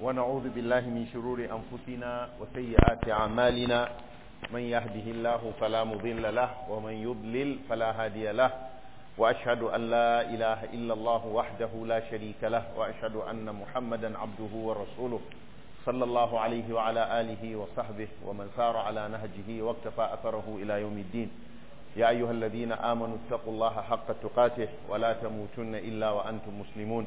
ونعوذ بالله من شرور أنفسنا وسيئات أعمالنا من يهده الله فلا مضل له ومن يضلل فلا هادي له وأشهد أن لا إله إلا الله وحده لا شريك له وأشهد أن محمدا عبده ورسوله صلى الله عليه وعلى آله وصحبه ومن سار على نهجه واكتفى أثره إلى يوم الدين يا أيها الذين آمنوا اتقوا الله حق تقاته ولا تموتن إلا وأنتم مسلمون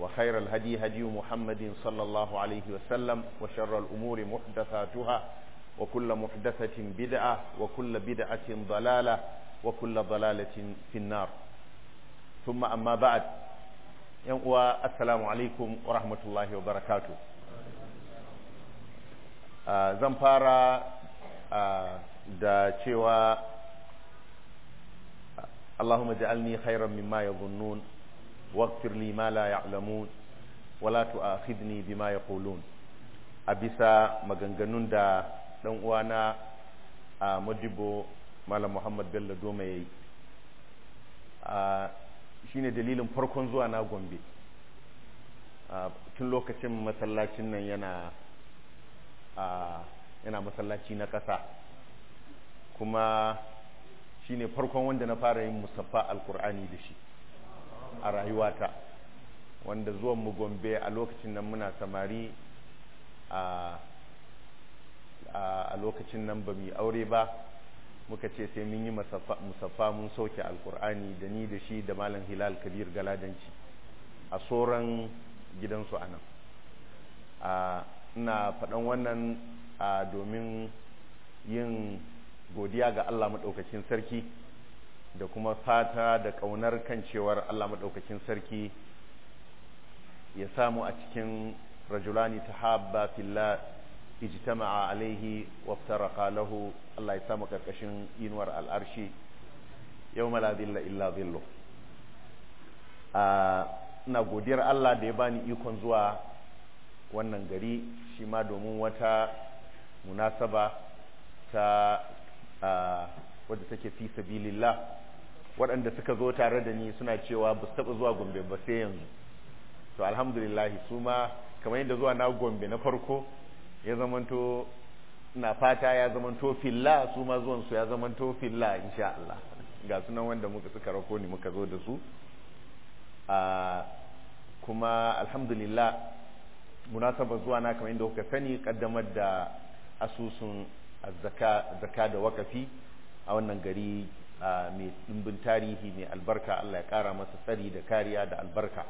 وخير الهدي هدي محمد صلى الله عليه وسلم وشر الأمور محدثاتها وكل محدثة بدعة وكل بدعة ضلالة وكل ضلالة في النار ثم أما بعد السلام عليكم ورحمة الله وبركاته zan fara da cewa Allahumma ja'alni khairan mimma yadhunnun واغفر لي ما لا يعلمون ولا تؤاخذني بما يقولون أبسا مغنغنون دا دنوانا مجبو مالا محمد بيلا دومي shine dalilin farkon zuwa na gombe tun lokacin masallacin nan yana yana masallaci na ƙasa kuma shine farkon wanda na fara yin musaffa alkur'ani da shi a rayuwata wanda zuwan mu gombe a lokacin nan muna samari a lokacin nan ba mu aure ba muka ce sai mun yi musaffa mun sauke alkur'ani da ni da shi da malam hilal kabir galadanci a tsoron gidansu a nan ina faɗan wannan domin yin godiya ga allah maɗaukacin sarki da kuma fata da ƙaunar kan cewar Allah maɗaukakin sarki ya samu a cikin rajulani ta haɓa filla ijtama'a alaihi waftaraqa lahu Allah ya samu karkashin inuwar al'arshi yau la dhilla illa dhillu ina godiyar Allah da ya bani ikon zuwa wannan gari shi ma domin wata munasaba ta wadda take fi sabilillah waɗanda suka zo tare da ni suna cewa ba su taɓa zuwa gombe ba sai yanzu to alhamdulillah su ma kamar yadda zuwa na gombe na farko ya zamanto na fata ya zamanto filla su ma zuwan su ya zamanto filla insha Allah ga sunan wanda muka suka rako ni muka zo da su a kuma alhamdulillah munasaba zuwa na kamar yadda kuka sani kaddamar da asusun zaka da wakafi a wannan gari mai ɗimbin tarihi mai albarka Allah ya ƙara masa tsari da kariya da albarka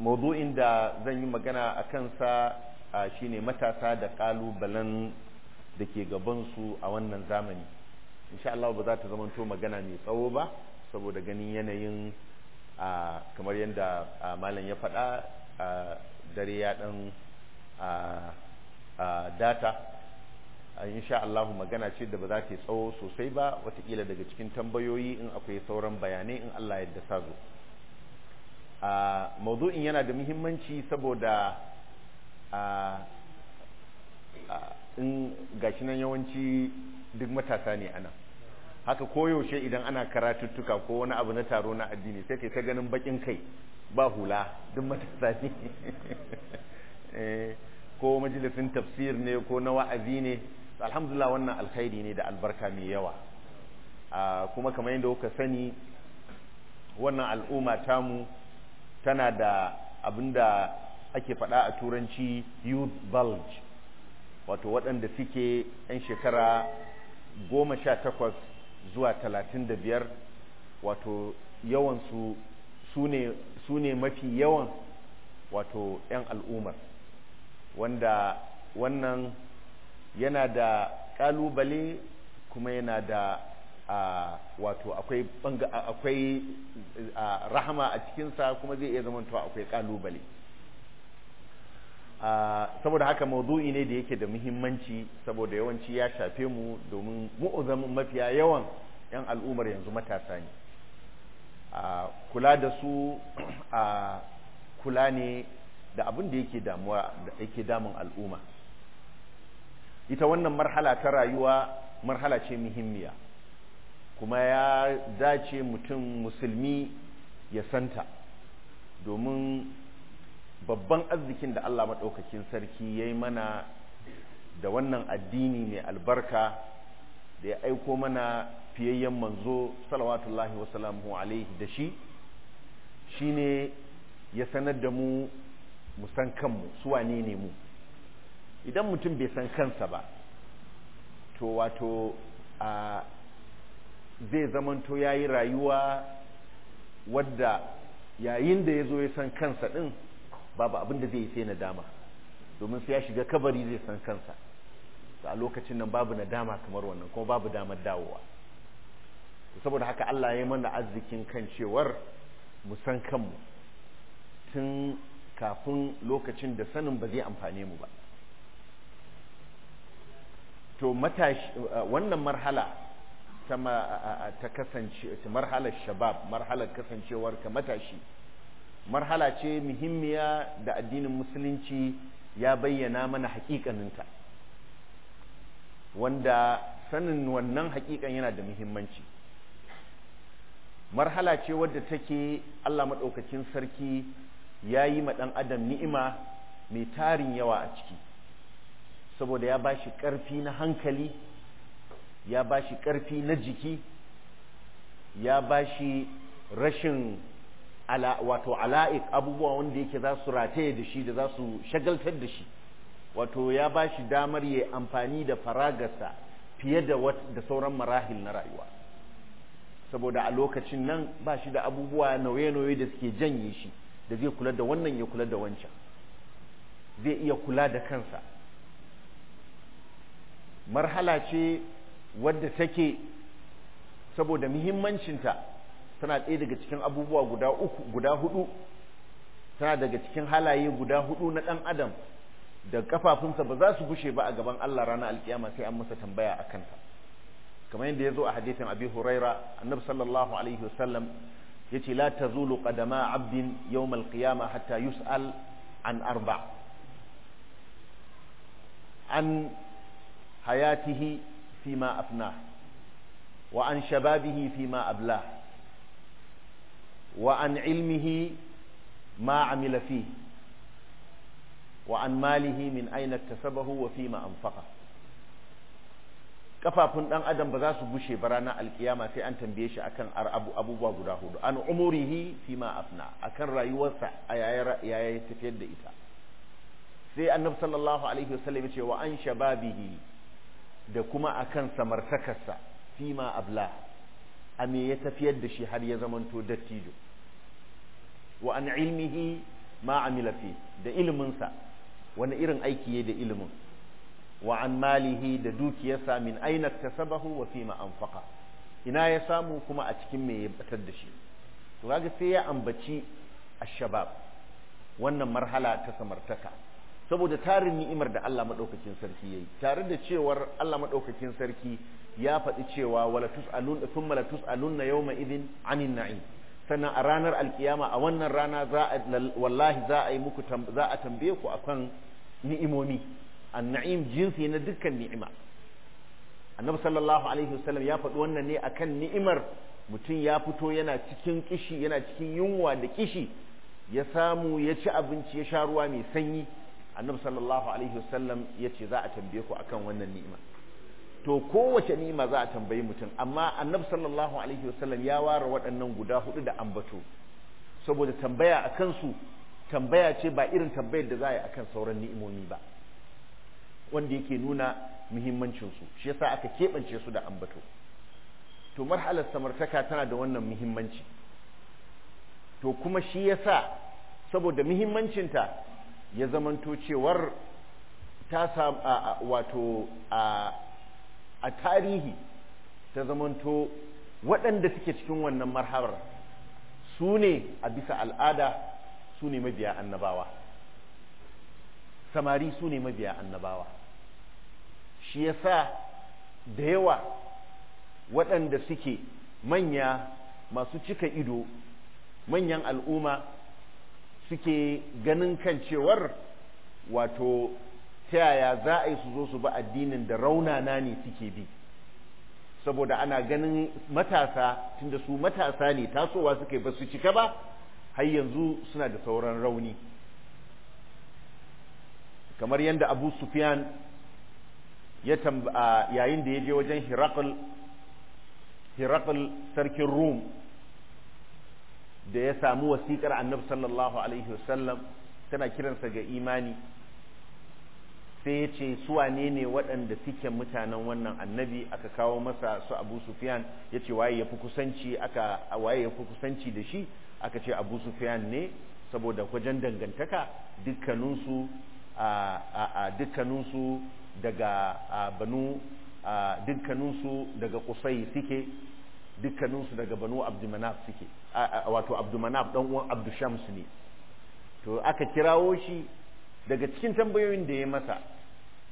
maudu'in da zan yi magana a kansa shi ne matasa da ƙalubalen da ke gabansu a wannan zamani insha Allah ba za ta zamanto magana mai tsawo ba saboda ganin yanayin kamar yadda malam ya faɗa dare ya ɗan data insha allahu magana ce da ba za ta tsawo sosai ba watakila daga cikin tambayoyi in akwai sauran bayanai in Allah yadda sa zo a maudu'in yana da muhimmanci saboda a in gashi nan yawanci duk matasa ne ana haka koyaushe idan ana karatuttuka ko wani abu na taro na addini sai kai ta ganin bakin kai ba hula duk matasa ne eh, ko majalisin tafsir ne ko na wa'azi ne alhamdulillah wannan alkhairi ne da albarka mai yawa kuma kamar yadda kuka sani wannan al'umma mu tana da abinda ake faɗa a turanci youth bulge wato waɗanda suke 'yan shekara goma sha takwas zuwa talatin da biyar wato yawansu su ne mafi yawan wato 'yan al'ummar wanda wannan yana da kalubale kuma yana da wato akwai akwai rahama a cikinsa kuma zai iya zamantowa akwai kalubale saboda haka maudu'i ne da yake da muhimmanci saboda yawanci ya shafe mu domin mu'uzamin mafiya yawan 'yan al'ummar yanzu matasa ne kula da su a kula ne da abin da yake damuwa da yake damun al'umma ita wannan marhala ta rayuwa marhala ce muhimmiya kuma ya dace mutum musulmi ya santa domin babban arzikin da Allah maɗaukakin sarki ya yi mana da wannan addini mai albarka da ya aiko mana fiyayyen manzo salawatullahi wasalamu alaihi da shi shine ya sanar da mu musan kanmu su wane ne mu idan mutum bai san kansa ba to wato a zai zamanto ya yi rayuwa wadda yayin da ya zo ya san kansa ɗin babu abin da zai yi sai nadama domin sai ya shiga kabari zai san kansa a lokacin nan babu nadama kamar wannan kuma babu damar dawowa saboda haka Allah ya mana arzikin kan cewar mu san kanmu tun kafin lokacin da sanin ba zai amfane mu ba to matashi wannan marhala ta kasance ta marhalar shabab marhalar kasancewar ka matashi marhala ce muhimmiya da addinin musulunci ya bayyana mana hakikaninta wanda sanin wannan haƙiƙan yana da muhimmanci marhala ce wadda take Allah maɗaukakin sarki ya yi ma ɗan adam ni'ima mai tarin yawa a ciki saboda ya ba shi ƙarfi na hankali ya ba shi ƙarfi na jiki ya ba shi rashin wato ala'ik abubuwa wanda yake za su rataye da shi da za su shagaltar da shi wato ya ba shi damar ya amfani da faragarsa fiye da da sauran marahil na rayuwa saboda a lokacin nan ba shi da abubuwa nauye-nauye da suke janye shi da zai kula da wannan ya kula da wancan zai iya kula da kansa marhala ce wadda take saboda muhimmancinta tana ɗaya daga cikin abubuwa guda uku guda hudu tana daga cikin halaye guda hudu na ɗan adam da kafafunsa ba za su gushe ba a gaban Allah ranar alkiyama sai an masa tambaya a kanta kamar yadda ya zo a hadithin abi huraira annabi sallallahu alaihi wasallam ya ce la tazulu qadama abdin yawmal qiyama hatta yus'al an arba' an hayatihi fima afna wa an shababihi fima abla wa an ma amila fi wa malihi min aina tasabahu wa kafafun dan adam ba za su bushe ba ranar alkiyama sai an tambaye shi akan abubuwa guda hudu an umurihi ma afna akan rayuwarsa a yayin tafiyar da ita sai annabi sallallahu alaihi wasallam ya ce wa an shababihi da kuma a kan samartakarsa fima abla a me ya tafiyar da shi har ya zamanto dattijo wa an ilmihi ma amila fi da iliminsa wani irin aiki ya da ilimin wa an malihi da dukiyarsa min aina tasabahu wa fima anfaqa ina ya samu kuma a cikin me ya batar da shi to kaga sai ya ambaci ashabab wannan marhala ta samartaka saboda tarin ni'imar da Allah madaukakin sarki yayi tare da cewar Allah madaukakin sarki ya faɗi cewa wala tus'alun thumma la tusalun yawma idin 'anin na'im sannan a ranar alkiyama a wannan rana za a wallahi za a yi muku za a tambaye ku akan ni'imomi an-na'im jinsi na dukkan ni'ima annabi sallallahu alaihi wasallam ya faɗi wannan ne akan ni'imar mutum ya fito yana cikin kishi yana cikin yunwa da kishi ya samu ya ci abinci ya sha ruwa mai sanyi annabi sallallahu alaihi wasallam ya za a tambaye ku akan wannan ni'ima to kowace ni'ima za a tambayi mutum amma annabi sallallahu alaihi wasallam ya ware waɗannan guda hudu da ambato saboda tambaya a kansu tambaya ce ba irin tambayar da za a yi akan sauran ni'imomi ba wanda yake nuna muhimmancinsu shi yasa aka keɓance su da ambato to marhalar samartaka tana da wannan muhimmanci to kuma shi yasa saboda muhimmancinta ya zamanto cewar ta samu wato a tarihi ta zamanto waɗanda suke cikin wannan marhabar su ne a bisa al'ada su ne mabiya annabawa samari su ne mabiya annabawa shi ya sa da yawa waɗanda suke manya masu cika ido manyan al'umma suke ganin kan cewar wato ta yaya za a yi su zo su ba addinin da raunana ne suke bi saboda ana ganin matasa tunda su matasa ne tasowa suke ba su cika ba har yanzu suna da sauran rauni kamar yadda abu sufyan yayin da ya je wajen hirakul sarkin rum da ya samu wasikar annabi sallallahu alaihi wasallam tana kiransa ga imani sai ya ce suwane ne waɗanda suke mutanen wannan annabi aka kawo masa su abu Sufiyan ya ce waye ya fi kusanci da shi aka ce abu Sufiyan ne saboda wajen dangantaka dukkaninsu a dukkaninsu daga banu dukkaninsu daga kusai suke dukkaninsu daga banu abdumanaf suke wato abdumanaf dan uwan abdushams ne to aka kirawo shi daga cikin tambayoyin da ya masa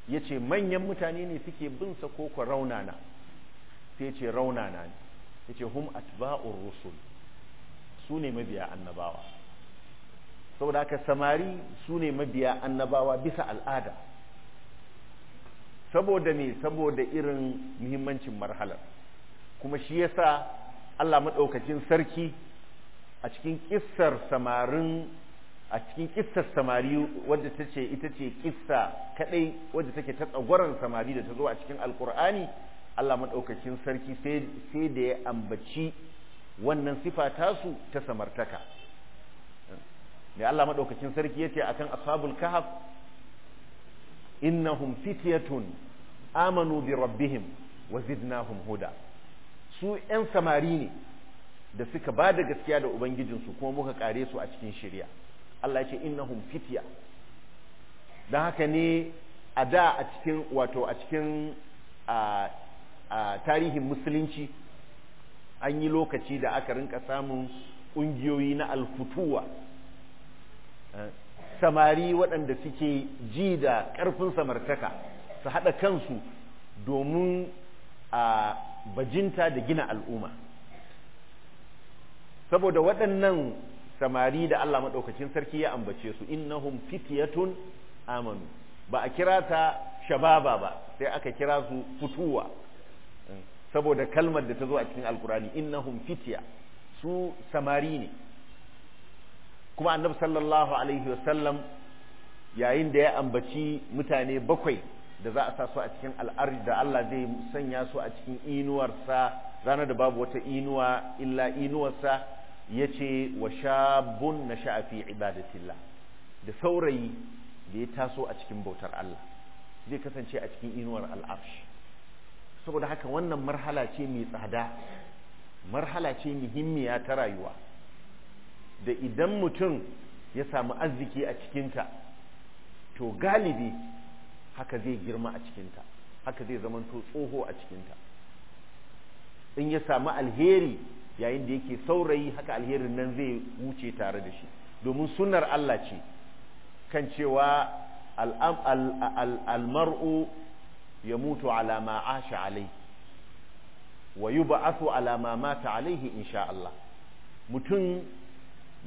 ya ce manyan mutane ne suke bin sa ko raunana sai ce raunana ne ya ce hum atba'ur rusul su ne mabiya annabawa saboda haka samari su ne mabiya annabawa bisa al'ada saboda ne saboda irin muhimmancin marhalar kuma shi sa Allah maɗaukacin sarki a cikin kissar samarin a cikin kissar samari wadda ta ce ita ce kissa kaɗai wadda take ta tsagwaron samari da ta zo a cikin alkur'ani Allah maɗaukacin sarki sai da ya ambaci wannan sifa tasu ta samartaka da Allah maɗaukacin sarki ya ce a kan ashabul kahaf innahum fityatun amanu bi rabbihim wa zidnahum huda su 'yan samari ne da suka ba da gaskiya da ubangijinsu kuma muka kare su a cikin shirya Allah ce innahum fitya don haka ne a da a cikin wato a cikin tarihin musulunci an yi lokaci da aka rinka samun ƙungiyoyi na alfutuwa eh, samari waɗanda suke ji da ƙarfin samartaka su haɗa kansu domin a bajinta da gina al'umma saboda waɗannan samari da Allah maɗaukacin sarki ya ambace su innahum fityatun amanu ba a kira ta shababa ba sai aka kira su fituwa saboda kalmar da ta zo a cikin alkurani innahum fitya su samari ne kuma annabi sallallahu alaihi wasallam yayin da ya ambaci mutane bakwai da za a sa su a cikin al'arji da Allah zai sanya su a cikin inuwarsa ranar da babu wata inuwa illa inuwarsa ya ce wa shabun na sha'afi ibadatillah da saurayi da ya taso a cikin bautar Allah zai kasance a cikin inuwar al'arshi saboda haka wannan marhala ce mai tsada marhala ce muhimmiya ta rayuwa da idan mutum ya samu arziki a cikinta to galibi haka zai girma a cikinta haka zai zamanto tsoho a cikinta in ya samu alheri yayin da yake saurayi haka alherin nan zai wuce tare da shi domin sunar Allah ce kan cewa almar'u ya mutu ala ma asha alai wa yub'athu ala ma mata alaihi insha Allah mutum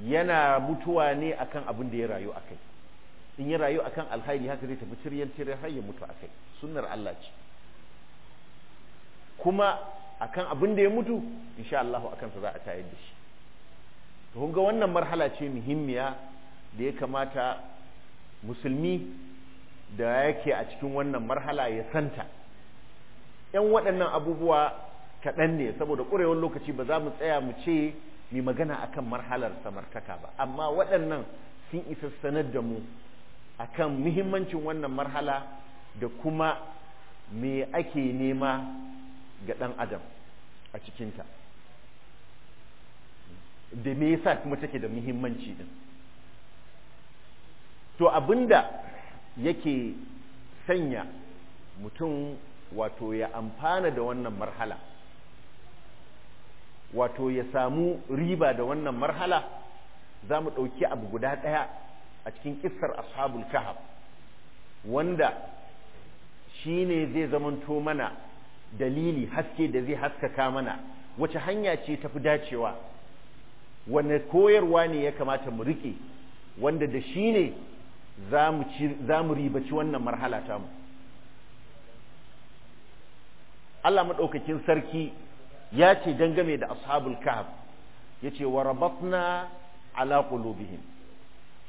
yana mutuwa ne akan abin da ya rayu a kai. in ya rayu akan alhairi haka zai tafi tiryan tiryan har ya mutu a kai sunnar Allah ce kuma akan abin da ya mutu insha Allah akan sa za a tayar da shi to kun ga wannan marhala ce muhimmiya da ya kamata musulmi da yake a cikin wannan marhala ya santa yan waɗannan abubuwa kaɗan ne saboda ƙurewar lokaci ba za mu tsaya mu ce mai magana akan marhalar samartaka ba amma waɗannan sun isa sanar da mu akan muhimmancin wannan marhala da kuma me ake nema ga ɗan adam a cikinta da me yasa kuma take da muhimmanci din to abinda yake sanya mutum wato ya amfana da wannan marhala wato ya samu riba da wannan marhala za mu ɗauki abu guda ɗaya a cikin kissar ashabul kahf wanda shine zai zamanto mana dalili haske da zai haskaka mana wace hanya ce tafi dacewa wanda koyarwa ne ya kamata mu rike wanda da shi ne za mu ribaci wannan marhala ta mu Allah maɗaukakin sarki ya ce dangame da ashabul kahf ya ce wa rabatna ala qulubihim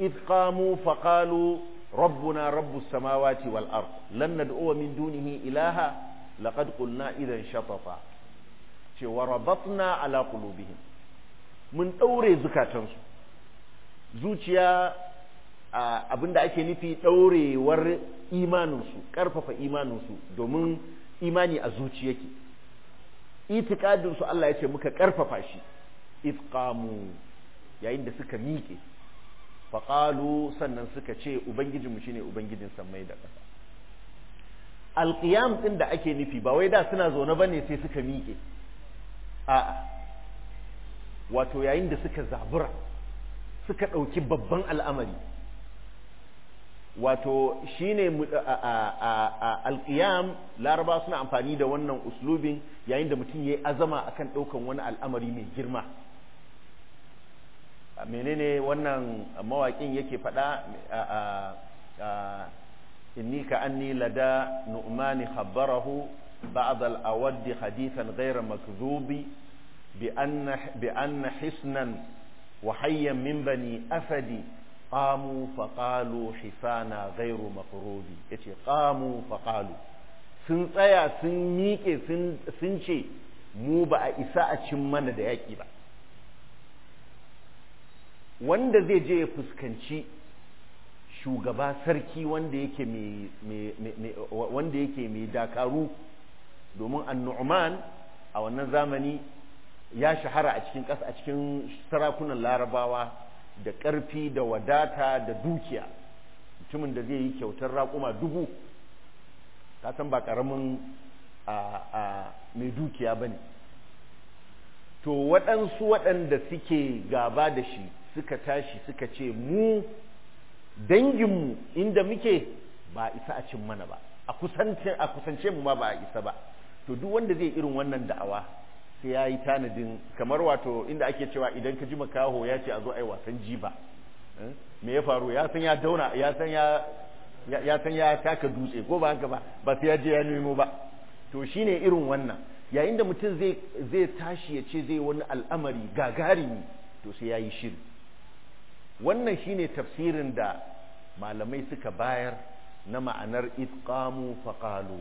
إذ قاموا فقالوا ربنا رب السماوات والأرض لن ندعو من دونه إلها لقد قلنا إذا شططا وربطنا على قلوبهم من ɗaure zukatansu zuciya abinda ake nufi ɗaurewar imaninsu ƙarfafa imaninsu domin imani a zuci yake itikadinsu Allah ya ce muka ƙarfafa shi ifqamu yayin da suka miƙe faƙalu sannan suka ce ubangijinmu shine ubangijin sammai da ƙasa alƙiyam ɗin da ake nufi ba wai da suna zaune ba ne sai suka miƙe a'a wato yayin da suka zabura suka ɗauki babban al'amari wato shine alƙiyam laraba suna amfani da wannan uslubin yayin da mutum ya yi azama akan ɗaukan wani al'amari mai girma menene wannan mawakin yake faɗa inni ka anni lada nu'mani khabbarahu ba'd al-awad hadithan ghayra makdhubi bi anna bi anna hisnan wa hayyan min bani asadi qamu fa qalu hisana ghayru maqrubi yace qamu fa qalu sun tsaya sun miƙe sun ce mu ba a isa a cin mana da yaƙi ba wanda zai je ya fuskanci shugaba sarki wanda yake mai dakaru domin annu'man a wannan zamani ya shahara a cikin ƙasa a cikin sarakunan larabawa da ƙarfi da wadata da dukiya mutumin da zai yi kyautar raƙuma dubu ka san ba ƙaramin mai dukiya ba ne to waɗansu waɗanda suke gaba da shi suka tashi suka ce mu danginmu inda muke ba isa a cin mana ba a kusance mu ma ba isa ba to duk wanda zai irin wannan da'awa sai ya yi tanadin kamar wato inda ake cewa idan ka ji makaho ya ce a zo a yi wasan jiba eh? me ya faru ya san ya dauna ya san ya ya san ya taka dutse ko ba haka ba ba sai ya je ya nemo ba to shine irin wannan yayin da mutum zai tashi ya ce zai wani al'amari gagarimi to sai ya yi shiri wannan shine tafsirin da malamai suka bayar na ma'anar itqamu faqalu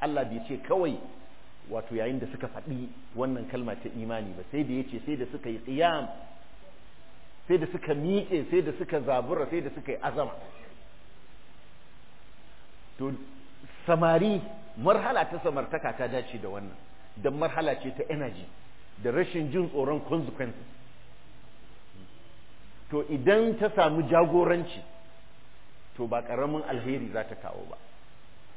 Allah bai ce kawai wato yayin da suka faɗi wannan kalma ta imani ba sai da yace sai da suka yi qiyam sai da suka miƙe sai da suka zabura sai da suka yi azama to samari marhala ta samartaka ta dace da wannan don marhala ce ta energy da rashin jin tsoron consequences to idan ta samu jagoranci to ba ƙaramin alheri za ta kawo ba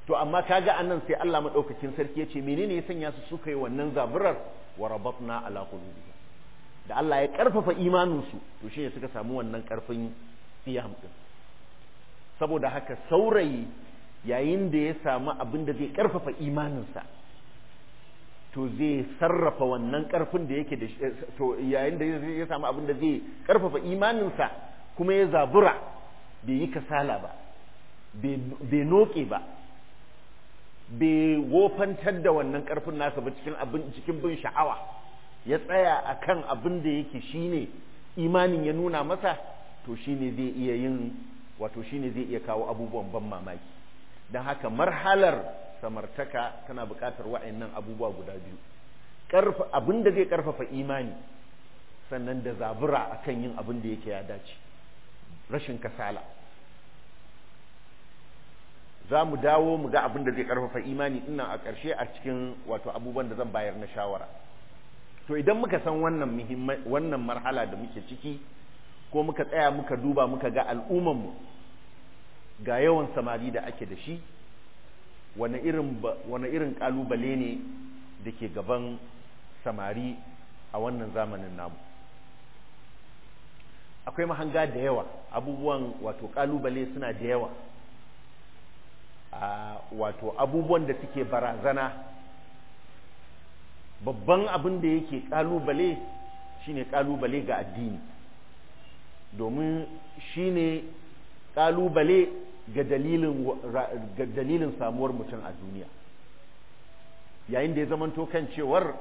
to amma kaga annan sai Allah madaukakin sarki ya ce menene ya sanya su suka yi wannan zaburar wa rabatna ala qulubihim da Allah ya karfafa imanin su to shine suka samu wannan karfin qiyam din saboda haka saurayi yayin da ya samu abin da zai karfafa imaninsa to zai sarrafa wannan ƙarfin da yake da to yayin da ya samu abin da zai ƙarfafa imaninsa kuma ya zabura bai yi kasala ba bai noke ba bai wofantar da wannan ƙarfin nasa ba cikin abin cikin bin sha'awa ya tsaya a kan abin da yake shine imanin ya nuna masa to shine zai iya yin wato shine zai iya kawo abubuwan ban mamaki don haka marhalar samartaka tana buƙatar wa'annan abubuwa guda biyu abin da zai ƙarfafa imani sannan da zabura akan yin abin da yake ya dace rashin kasala za mu dawo mu ga abin da zai ƙarfafa imani ina a ƙarshe a cikin wato abubuwan da zan bayar na shawara to idan muka san wannan wannan marhala da muke ciki ko muka tsaya muka duba muka ga mu ga yawan samari da ake da shi wane irin wani irin kalubale ne da ke gaban samari a wannan zamanin namu akwai mahanga da yawa abubuwan wato kalubale suna da yawa wato abubuwan da suke barazana babban abin da yake kalubale shine kalubale ga addini domin shine kalubale ga dalilin samuwar mutum a duniya yayin da ya zamanto kan cewar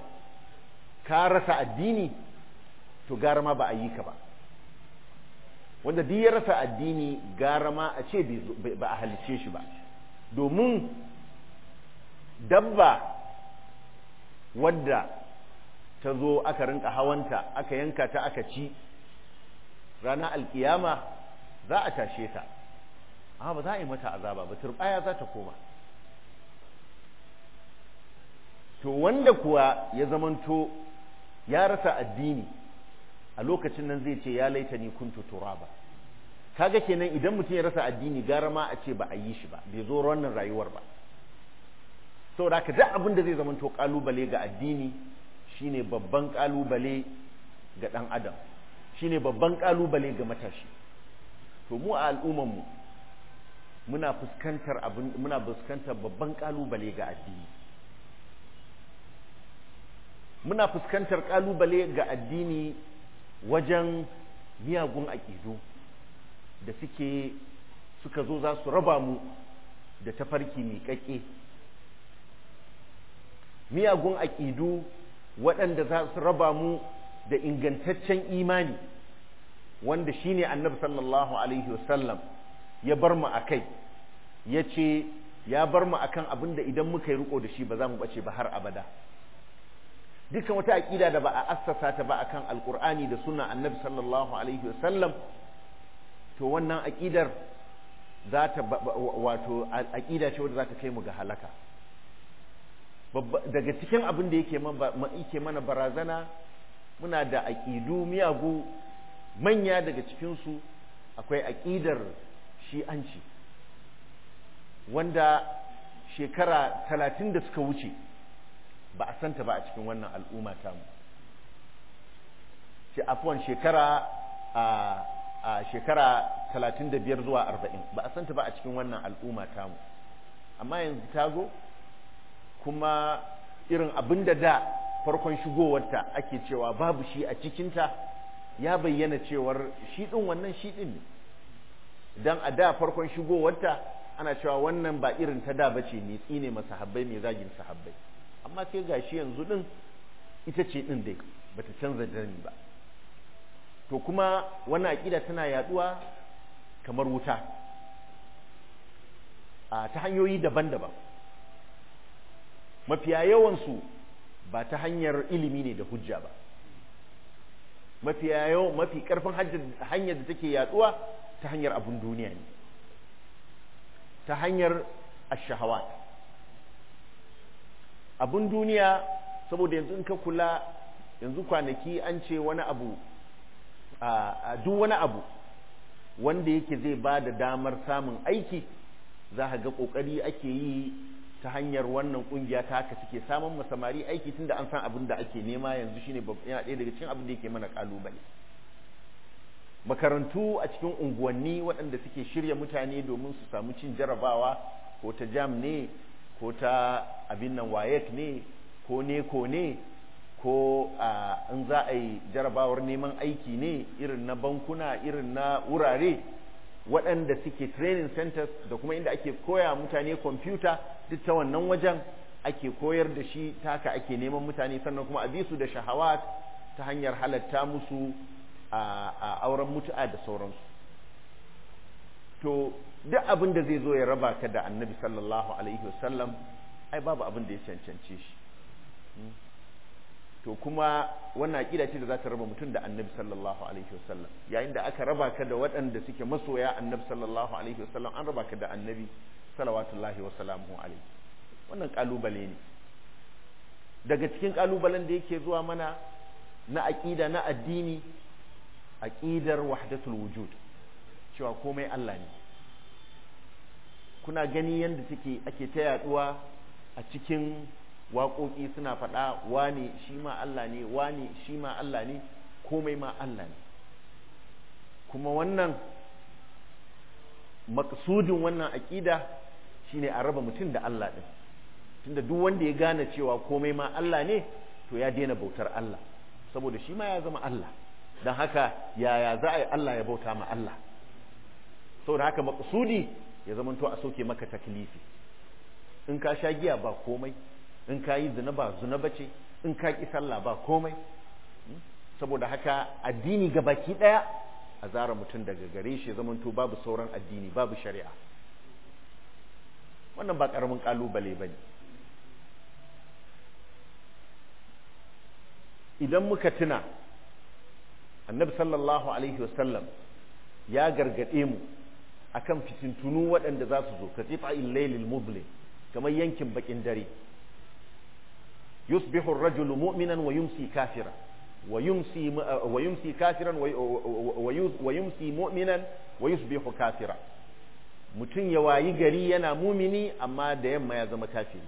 ka rasa addini to gara ma ba a yi ka ba wanda duk ya rasa addini gara ma a ce ba a halice shi ba domin dabba wadda ta zo aka rinka hawanta aka yanka ta aka ci rana alkiyama za a tashe ta amma ba za a yi mata azaba ba turbaya za ta koma to wanda kuwa ya zamanto ya rasa addini a lokacin nan zai ce ya laita ni kuntu turaba kaga kenan idan mutum ya rasa addini gara ma a ce ba a yi shi ba bai zo wannan rayuwar ba saboda ka duk abin da zai zamanto kalubale ga addini shine babban kalubale ga dan adam shine babban kalubale ga matashi to mu a al'umman mu muna fuskantar abin muna fuskantar babban kalubale ga addini muna fuskantar kalubale ga addini wajen miyagun aƙidu da suke suka zo za su raba mu da tafarki miƙaƙe miyagun aƙidu waɗanda za su raba mu da ingantaccen imani wanda shine annabi sallallahu alaihi wasallam ya bar mu a kai ya ce ya bar mu akan kan abinda idan muka yi riko da shi ba za mu bace ba har abada dukkan wata aƙida da ba a assasa ta ba akan alkur'ani da suna annabi sallallahu alaihi wasallam to wannan aƙidar za ta wato aƙida ce wadda za ta kai mu ga halaka daga cikin abin da yake mana barazana muna da aƙidu miyagu manya daga cikinsu akwai aƙidar shi'anci wanda shekara talatin da suka wuce ba a santa ba a cikin wannan al'umma tamu shi afuwan shekara a shekara talatin da biyar zuwa arba'in ba a santa ba a cikin wannan al'umma tamu amma yanzu ta zo kuma irin abin da da farkon shigowarta ake cewa babu shi a cikinta ya bayyana cewar shiɗin wannan shiɗin ne dan a da farkon shigowarta ana cewa wannan ba irin ta da bace ne tsine ma sahabbai mai zagin sahabbai amma sai gashi yanzu din ita ce din dai bata canza dani ba to kuma wannan aƙida tana yaduwa kamar wuta a ta hanyoyi daban-daban mafiya yawansu ba ta hanyar ilimi ne da hujja ba mafiya yawan mafi karfin hanyar da take yaduwa ta hanyar abun duniya ne ta hanyar ashahawat abun duniya saboda yanzu in ka kula yanzu kwanaki an ce wani abu a duk wani abu wanda yake zai ba da damar samun aiki za a ga kokari ake yi ta hanyar wannan kungiya ta haka suke samun masamari aiki tun da an san abin da ake nema yanzu shine yana ɗaya daga cikin abin da yake mana kalubale makarantu a cikin unguwanni waɗanda suke shirya mutane domin su samu cin jarabawa ko ta jam ne ko ta abin nan wayek ne ko ne ko ne ko in za a yi jarabawar neman aiki ne irin na bankuna irin na wurare waɗanda suke training centers da kuma inda ake koya mutane kwamfuta duk ta wannan wajen ake koyar da shi taka ake neman mutane sannan kuma a bi su da shahawat ta hanyar halatta musu a auren mutu'a da sauransu to duk abin da zai zo ya raba ka da annabi sallallahu alaihi wasallam ai babu abin da ya cancance shi to kuma wannan aƙida ce da za ta raba mutum da annabi sallallahu alaihi wasallam yayin da aka raba ka da waɗanda suke masoya annabi sallallahu alaihi wasallam an raba ka da annabi salawatullahi wa salamuhu alaihi wannan kalubale ne daga cikin kalubalen da yake zuwa mana na aƙida na addini aqidar wahdatul wujud cewa komai Allah ne kuna gani yanda take ake ta yaduwa a cikin waƙoƙi suna faɗa wani shi ma Allah ne wani shi ma Allah ne komai ma Allah ne kuma wannan maksudin wannan aƙida shine a raba mutum da Allah ɗin tunda duk wanda ya gane cewa komai ma Allah ne to ya daina bautar Allah saboda shi ma ya zama Allah don haka yaya za a yi Allah ya bauta ma Allah da haka maƙasudi ya zama to a soke maka taklifi in ka sha giya ba komai in ka yi zina ba zina bace in ka ki sallah ba komai saboda haka addini ga baki ɗaya a zara mutum daga gare shi zaman to babu sauran addini babu shari'a wannan ba ƙaramin ƙalubale ba ne idan muka tuna annabi sallallahu alaihi wasallam ya gargaɗe mu akan fitintunu waɗanda za su zo ka tsifa illailil muzlim kamar yankin bakin dare yusbihu rajulu mu'minan wa yumsi kafira wa yumsi kafiran wa yumsi mu'minan wa yusbihu kafira mutum ya wayi gari yana mumini amma da yamma ya zama kafiri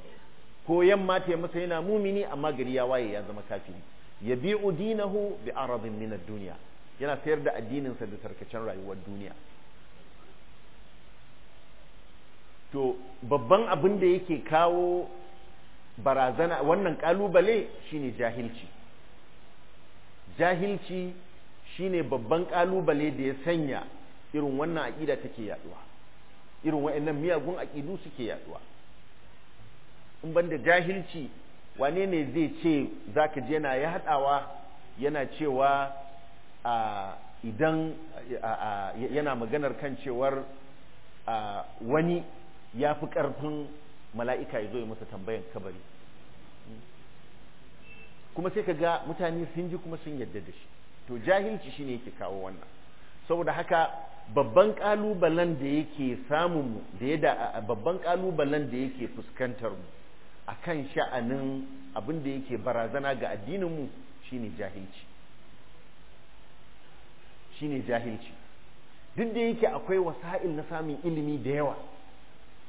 ko yamma ta masa yana mumini amma gari ya waye ya zama kafiri Ya bi'u dinahu bi aradin min ad-dunya yana sayar da addininsa da tarkacen rayuwar duniya to babban abin da yake kawo barazana wannan kalubale shine jahilci jahilci shine babban kalubale da ya sanya irin wannan aƙida take yaduwa irin wa'annan miyagun aƙidu suke yaduwa in banda jahilci wane ne zai ce za ka je na ya haɗawa yana cewa idan yana maganar kan cewar wani ya fi ƙarfin mala'ika ya zo ya masa tambayan kabari kuma sai ka ga mutane sun ji kuma sun yadda da shi to jahilci shi ne yake kawo wannan saboda haka babban ƙalubalen da yake samunmu da ya da babban ƙalubalen da yake fuskantar mu akan sha'anin abin da yake barazana ga addininmu shine jahilci shine jahilci duk da yake akwai wasa'il na samun ilimi da yawa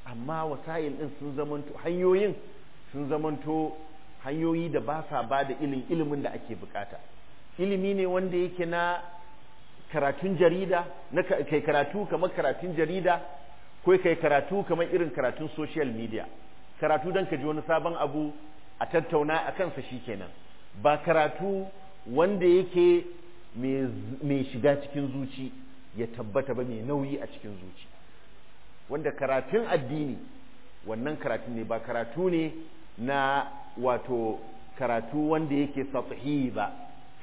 amma wasa'il din sun zamanto hanyoyin sun zamanto hanyoyi da ba sa ba da ilimin da ake bukata ilimi ne wanda yake na karatun jarida na kai karatu kamar karatun jarida ko kai karatu kamar irin karatun social media karatu don ka ji wani sabon abu a tattauna a kansa shi shikenan ba karatu wanda yake mai shiga cikin zuci ya tabbata ba mai nauyi a cikin zuci wanda karatun addini wannan karatu ne ba karatu ne na wato karatu wanda yake safihi ba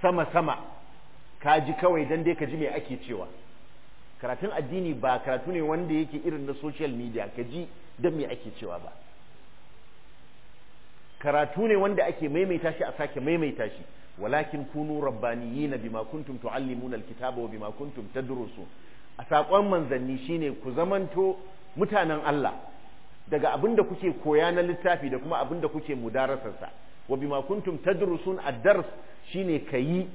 sama-sama ka ji kawai don dai ka ji mai ake cewa karatun addini ba karatu ne wanda yake irin na social media ka ji don mai ake cewa ba karatu ne wanda ake maimaita shi a sake maimaita shi walakin kunu rabbaniyina bima kuntum tuallimuna alkitaba wa bima kuntum tadrusu a sakon manzanni shine ku zamanto mutanen Allah daga abin da kuke koya na littafi da kuma abin da kuke mudarasarsa wa bima kuntum tadrusun ad-dars shine kayi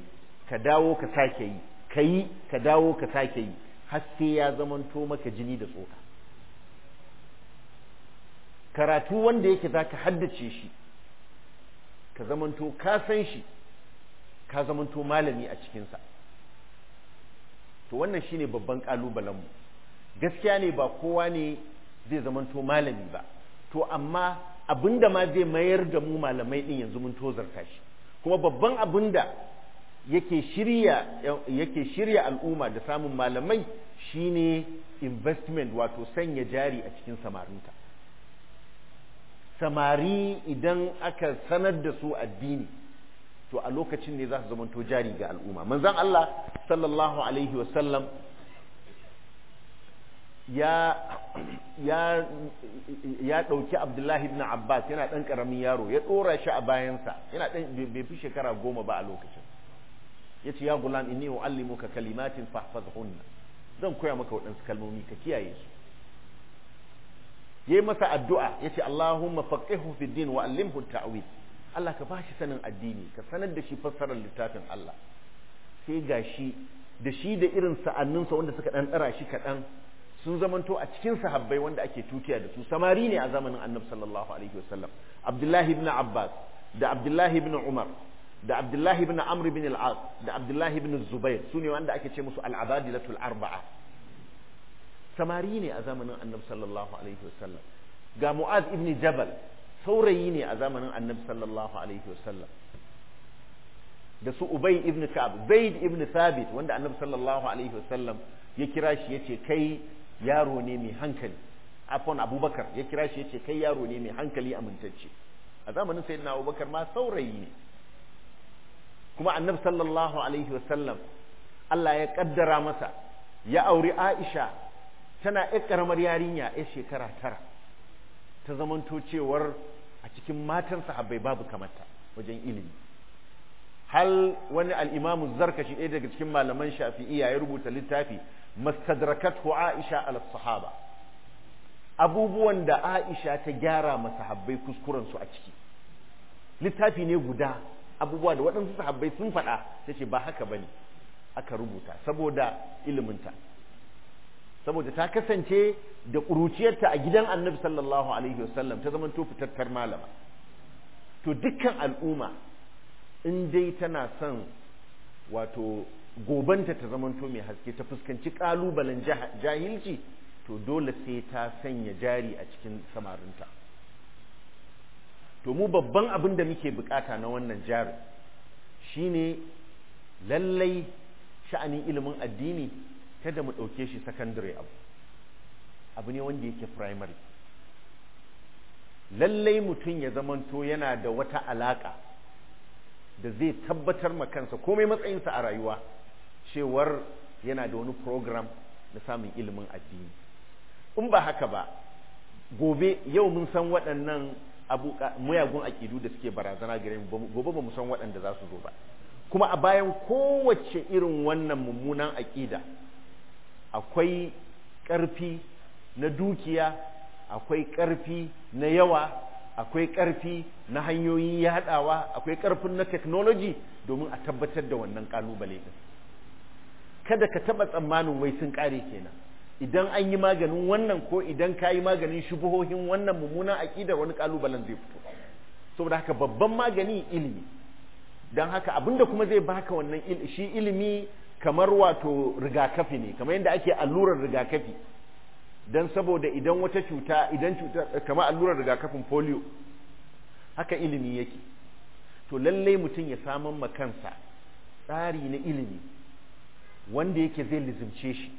ka dawo ka sake yi kayi ka dawo ka sake yi har sai ya zamanto maka jini da tsoka karatu wanda yake zaka haddace shi ka zamanto ka san shi ka zamanto malami a cikinsa to wannan shine babban ƙalubalenmu gaskiya ne ba kowa ne zai zamanto malami ba to amma abinda ma zai mayar da mu malamai ɗin yanzu mun tozarta shi kuma babban abinda yake shirya yake shirya al'umma da samun malamai shine investment wato sanya jari a cikin samarinta samari idan aka sanar da su addini to a lokacin ne za su zamanto jari ga al'umma manzan Allah sallallahu alaihi wasallam ya ya ya ɗauki abdullahi ibn abbas yana ɗan ƙaramin yaro ya ɗora shi a bayansa yana ɗan bai fi shekara goma ba a lokacin ya ce ya gulam inni u'allimuka kalimatin fahfazhunna zan koya maka waɗansu kalmomi ka kiyaye su yayi masa addu'a yace Allahumma faqihhu fid din wa allimhu ta'wil Allah ka bashi sanin addini ka sanar da shi fassarar littafin Allah sai gashi da shi da irin sa'anninsa wanda suka dan tsara shi kadan sun zamanto a cikin sahabbai wanda ake tutiya da su samari ne a zamanin Annabi sallallahu alaihi wasallam Abdullahi ibn Abbas da Abdullahi ibn Umar da Abdullahi ibn Amr ibn al-As da Abdullahi ibn Zubair sune wanda ake ce musu al-abadilatul arba'a samari ne a zamanin annabi sallallahu alaihi wasallam ga mu'az ibn jabal saurayi ne a zamanin annabi sallallahu alaihi wasallam da su ubay ibn ka'ab zaid ibn thabit wanda annabi sallallahu alaihi wasallam ya kira shi yace kai yaro ne mai hankali afon abubakar ya kira shi yace kai yaro ne mai hankali amintacce a zamanin sayyidina abubakar ma saurayi ne kuma annabi sallallahu alaihi wasallam Allah ya kaddara masa ya auri Aisha tana yar karamar yarinya yar shekara tara ta zamanto cewar a cikin matan sahabbai babu kamata wajen ilimi hal wani al'imamu shi ɗaya daga cikin malaman shafi'iya ya rubuta littafi ko aisha alasahaba, abubuwan da aisha ta gyara masahabbai kuskurensu a ciki littafi ne guda abubuwa da waɗansu sahabbai sun faɗa ta ce ba haka ba ne aka rubuta saboda iliminta saboda ta kasance da ƙuruciyarta a gidan annabi sallallahu alaihi wasallam ta zama fitattar malama to dukkan al'umma in dai tana son wato gobanta ta zamanto mai haske ta fuskanci ƙalubalen jahilci to dole sai ta sanya jari a cikin samarinta to mu babban abin da muke bukata na wannan jari shine lallai sha'anin ilimin addini kada mu ɗauke shi secondary abu abu ne wanda yake primary lallai mutum ya zamanto yana da wata alaƙa da zai tabbatar ma kansa komai matsayinsa a rayuwa cewar yana da wani program na samun ilimin addini in ba haka ba gobe yau mun san waɗannan muyagun aƙidu da suke barazana gare mu gobe ba mu san waɗanda za su zo ba kuma a bayan kowace irin wannan mummunan aƙida akwai ƙarfi na dukiya akwai ƙarfi na yawa akwai ƙarfi na hanyoyin yaɗawa akwai ƙarfin na technology domin a tabbatar da wannan ƙalubale ɗin kada ka taɓa tsammanin wai sun ƙare kenan idan an yi maganin wannan ko idan ka yi maganin shubuhohin wannan mummunan aƙida wani ƙalubalen zai fito saboda haka babban magani ilimi don haka abinda kuma zai baka wannan shi ilimi kamar wato rigakafi ne kamar yadda ake allurar rigakafi don saboda idan wata cuta idan cuta kamar allurar rigakafin polio haka ilimi yake to lallai mutum ya samun makansa tsari na ilimi wanda yake zai lizimce shi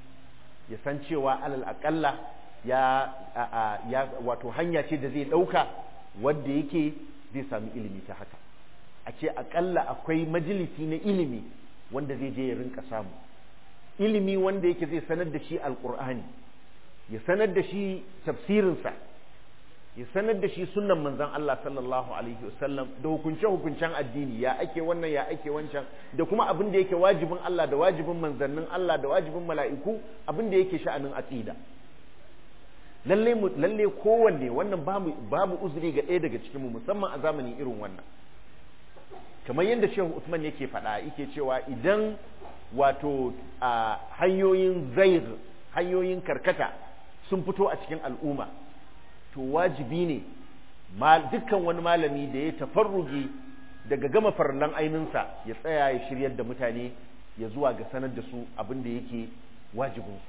ya san cewa alal akalla ya, ya wato hanya ce da zai ɗauka wadda yake zai sami ilimi ta haka a ce akalla akwai majalisi na ilimi wanda zai je ya rinka samu ilimi wanda yake zai sanar da shi alkur'ani ya sanar da shi tafsirinsa ya sanar da shi sunan manzan Allah sallallahu alaihi wasallam da hukunce hukuncen addini ya ake wannan ya ake wancan da kuma abin da yake wajibin Allah da wajibin manzannin Allah da wajibin mala'iku abin da yake sha'anin aqida lalle lalle kowanne wannan babu babu uzuri ga ɗaya daga cikin mu musamman a zamanin irin wannan kamar yadda shehu usman yake faɗa yake cewa idan wato a hanyoyin zair hanyoyin karkata sun fito a cikin al'umma to wajibi ne dukkan wani malami da ya tafarruge daga gama farlan aininsa ya tsaya ya shiryar da mutane ya zuwa ga sanar da su abin da yake wajibin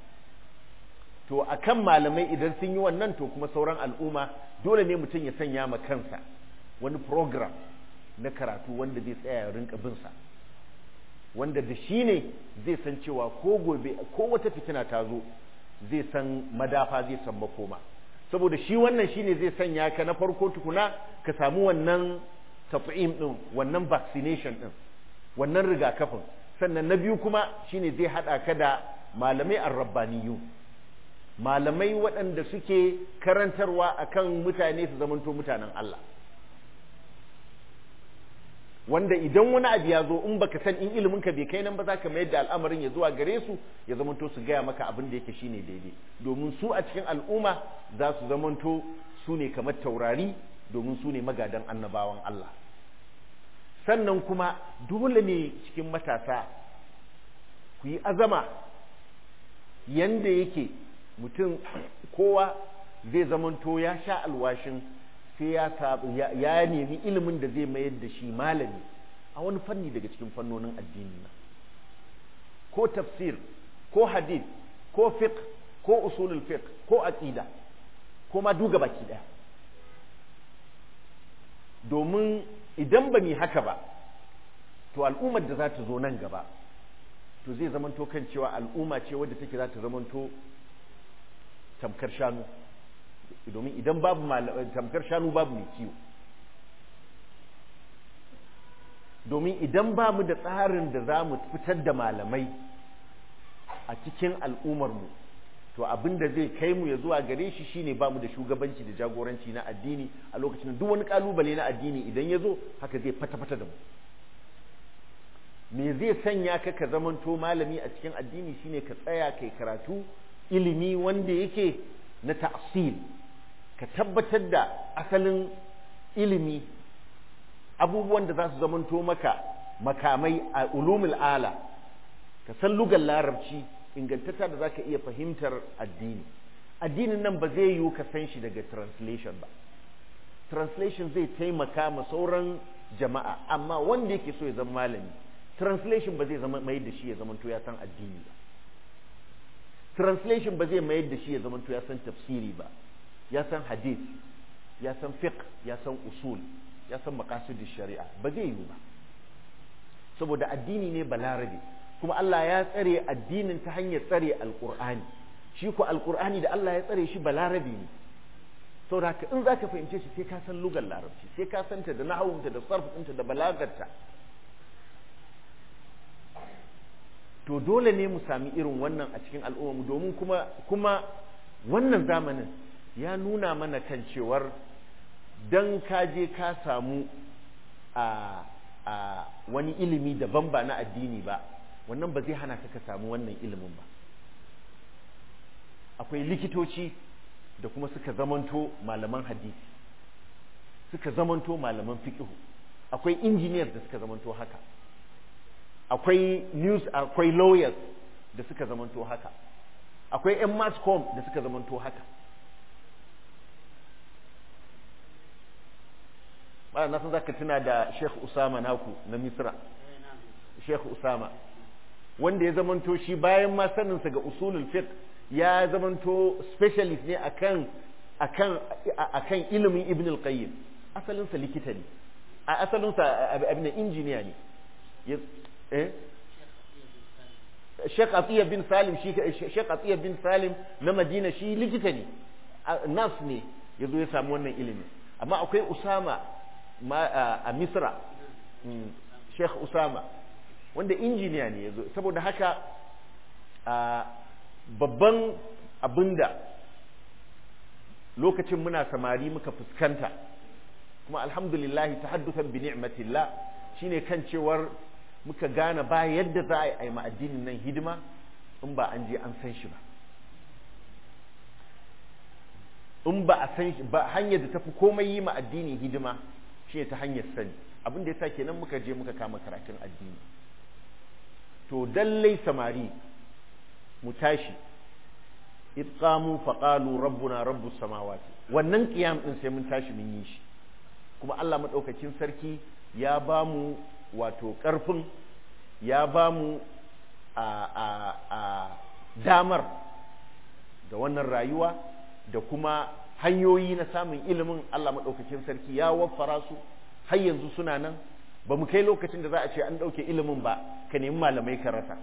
to akan malamai idan sun yi wannan to kuma sauran al'umma dole ne mutum ya sanya ma kansa wani program na karatu wanda zai tsaya ya rinka bin sa wanda da shi ne zai san cewa ko gobe ko wata fitina ta zo zai san madafa zai san makoma saboda shi wannan shi ne zai sanya ka na farko tukuna ka samu wannan tafi'im ɗin wannan vaccination ɗin wannan rigakafin sannan na biyu kuma shi ne zai haɗa ka da malamai arrabbaniyu malamai waɗanda suke karantarwa akan mutane su zamanto mutanen Allah wanda idan wani abu ya zo in baka san in ilimin ka bai kai nan ba za ka mayar da al'amarin ya zuwa gare su ya zamanto su gaya maka abin da yake shine daidai domin su a cikin al'umma za su zamanto su ne kamar taurari domin su ne magadan annabawan Allah sannan kuma dole ne cikin matasa ku yi azama yanda yake mutum kowa zai zamanto ya sha alwashin sai ya ya nemi ilimin da zai mayar da shi malami a wani fanni daga cikin fannonin addini na ko tafsir ko hadith ko fiqh ko usulul fiqh ko aqida ko ma duga baki daya domin idan ba mi haka ba to al'ummar da za ta zo nan gaba to zai zamanto kan cewa al'umma ce wadda take za ta zamanto tamkar shanu domin idan babu tamkar shanu babu mai kiwo domin idan ba mu da tsarin da za mu fitar da malamai a cikin al'ummarmu to abin da zai kai mu ya zuwa gare shi shine ba mu da shugabanci da jagoranci na addini a lokacin duk wani kalubale na addini idan ya zo haka zai fata-fata da mu me zai sanya ka ka zamanto malami a cikin addini shine ka tsaya kai karatu ilimi wanda yake na ta'asil ka tabbatar da asalin ilimi abubuwan da za su zamanto maka makamai a ulumul ala ka san lugar larabci ingantatta da za ka iya fahimtar addini addinin nan ba zai yiwu ka san shi daga translation ba translation zai taimaka ma sauran jama'a amma wanda yake so ya zama malami translation ba zai zama mai da shi ya zamanto ya san addini ba translation ba zai mayar da shi ya zamanto ya san tafsiri ba ya san hadith ya san fiqh ya san usul ya san maqasid shari'a ba zai yi ba saboda addini ne balarabi kuma Allah ya tsare addinin ta hanyar tsare alqur'ani shi ko alqur'ani da Allah ya tsare shi balarabi ne saboda in zaka fahimce shi sai ka san lugar larabci sai ka san ta da nahawunta da ta da balagarta to dole ne mu sami irin wannan a cikin al'ummarmu domin kuma kuma wannan zamanin ya nuna mana kan cewar don kaje ka samu a wani ilimi daban ba na addini ba wannan ba zai hana ka ka samu wannan ilimin ba akwai likitoci da kuma suka zamanto malaman hadisi suka zamanto malaman fiƙihu akwai engineers da suka zamanto haka akwai news akwai lawyers da suka zamanto haka akwai 'yan mass com da suka zamanto haka ba na san ka tuna da Sheikh Usama naku na Misra Sheikh Usama wanda ya zamanto shi bayan ma saninsa ga usulul fiqh ya zamanto specialist ne akan akan akan ilimin Ibn al-Qayyim asalin sa likita ne a asalin sa abin injiniya ne eh Sheikh Atiya bin Salim shi Sheikh Atiya bin Salim na Madina shi likita ne nas ne yazo ya samu wannan ilimi amma akwai Usama a misra mm. sheikh usama wanda injiniya ne ya zo saboda haka a babban abinda lokacin muna samari muka fuskanta kuma alhamdulillahi ta haddukan bi ni'matillah shine kan cewar muka gane ba yadda za a yi ma'addinin nan hidima in ba an je an san shi ba in ba a san shi ba hanyar da tafi komai yi ma hidima shi ta hanyar sani abin da ya sa kenan muka je muka kama karatun addini to dallai samari mu tashi itqamu faqalu rabbuna rabbus samawati wannan qiyam din sai mun tashi mun yi shi kuma Allah madaukakin sarki ya ba mu wato karfin ya ba mu a a a damar da wannan rayuwa da kuma hanyoyi na samun ilimin Allah maɗaukakin sarki ya waffara su har yanzu suna nan ba mu kai lokacin da za a ce an ɗauke ilimin ba ka nemi malamai ka rasa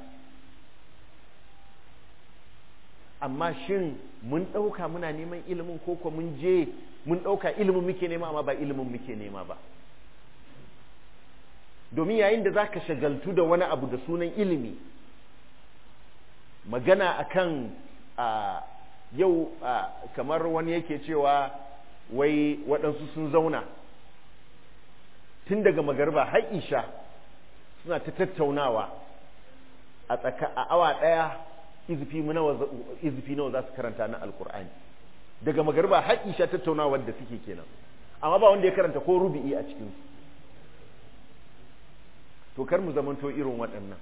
amma shin mun ɗauka muna neman ilimin ko ko mun je mun ɗauka ilimin muke nema amma ba ilimin muke nema ba domin yayin da za ka shagaltu da wani abu da sunan ilimi magana akan ah, yau kamar wani yake cewa wai waɗansu sun zauna tun daga magarba haƙi sha suna ta tattaunawa a tsaka a awa ɗaya izifi nawa za su karanta na alkur'ani daga magarba haƙi sha tattaunawa da suke kenan amma ba wanda ya karanta ko rubi'i a cikinsu to kar mu zamanto irin waɗannan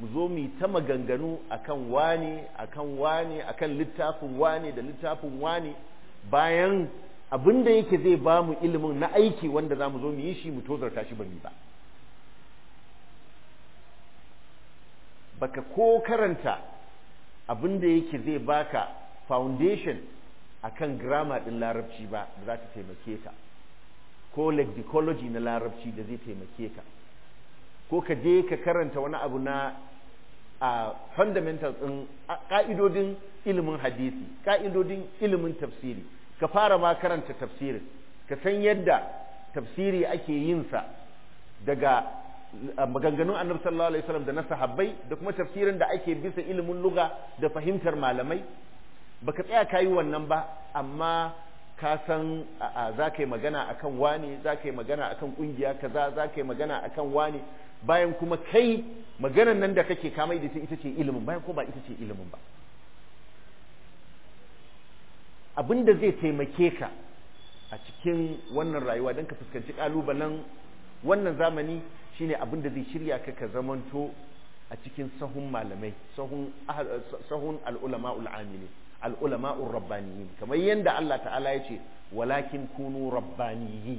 mu zo mu ta maganganu akan wane akan wane akan littafin wane da littafin wane bayan abin da yake zai ba mu ilimin na aiki wanda za mu zo mu yi shi mu tozarta shi ba mu ba baka ko karanta abin da yake zai baka foundation akan grammar din larabci ba da za ta taimake ka ko lexicology na larabci da zai taimake ka ko ka je ka karanta wani abu na a fundamentals ɗin ƙa'idodin ilimin hadisi ƙa'idodin ilimin tafsiri ka fara ma karanta tafsirin ka san yadda tafsiri ake yinsa daga maganganun annabi sallallahu alaihi wasallam da na sahabbai da kuma tafsirin da ake bisa ilimin luga da fahimtar malamai baka tsaya kayi wannan ba amma ka san za ka yi magana a kan wani za ka yi magana a kan ƙungiya kaza za ka yi magana a kan wani bayan kuma kai maganan nan da kake kamai da ita ce ilimin bayan ko ba ita ce ilimin ba abin da zai taimake ka a cikin wannan rayuwa don ka fuskanci ƙalubalen wannan zamani shine abin da zai shirya ka ka zamanto a cikin sahun malamai sahun al'ulama ul'amili al'ulama'ur rabbaniyin kamar yadda Allah ta'ala ya ce walakin kunu rabbaniyi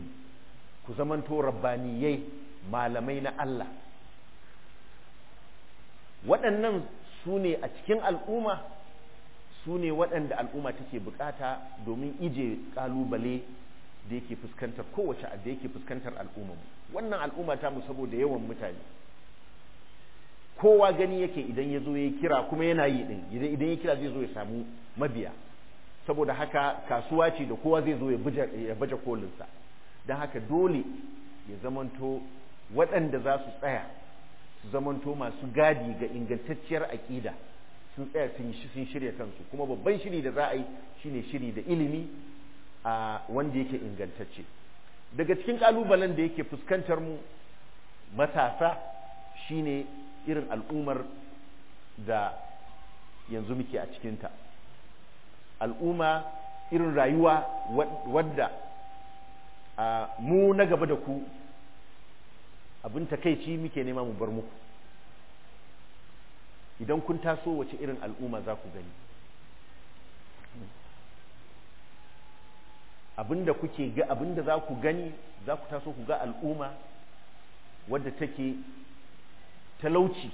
ku zamanto rabbaniyai malamai na Allah waɗannan su ne a cikin al'umma su ne waɗanda al'umma take bukata domin ije ƙalubale da yake fuskantar kowace da yake fuskantar al'umma wannan al'umma ta mu saboda yawan mutane kowa gani yake idan ya zo ya kira kuma yana yi din idan ya kira zai zo ya samu mabiya saboda haka kasuwa ce da kowa zai zo ya baje kolinsa don haka dole ya zamanto waɗanda za su tsaya su zamanto masu gadi ga ingantacciyar aƙida sun tsaya sun shirya kansu kuma babban shiri da za a yi shine shiri da ilimi a wanda yake ingantacce daga cikin ƙalubalen da yake fuskantar mu matasa shine irin al'ummar da yanzu muke a cikinta al'umma irin rayuwa wadda mu na gaba da ku abin takaici muke nema mu bar muku idan kun taso wace irin al'umma za ku gani abinda kuke ga abinda za ku gani za ku taso ku ga al'umma wadda take talauci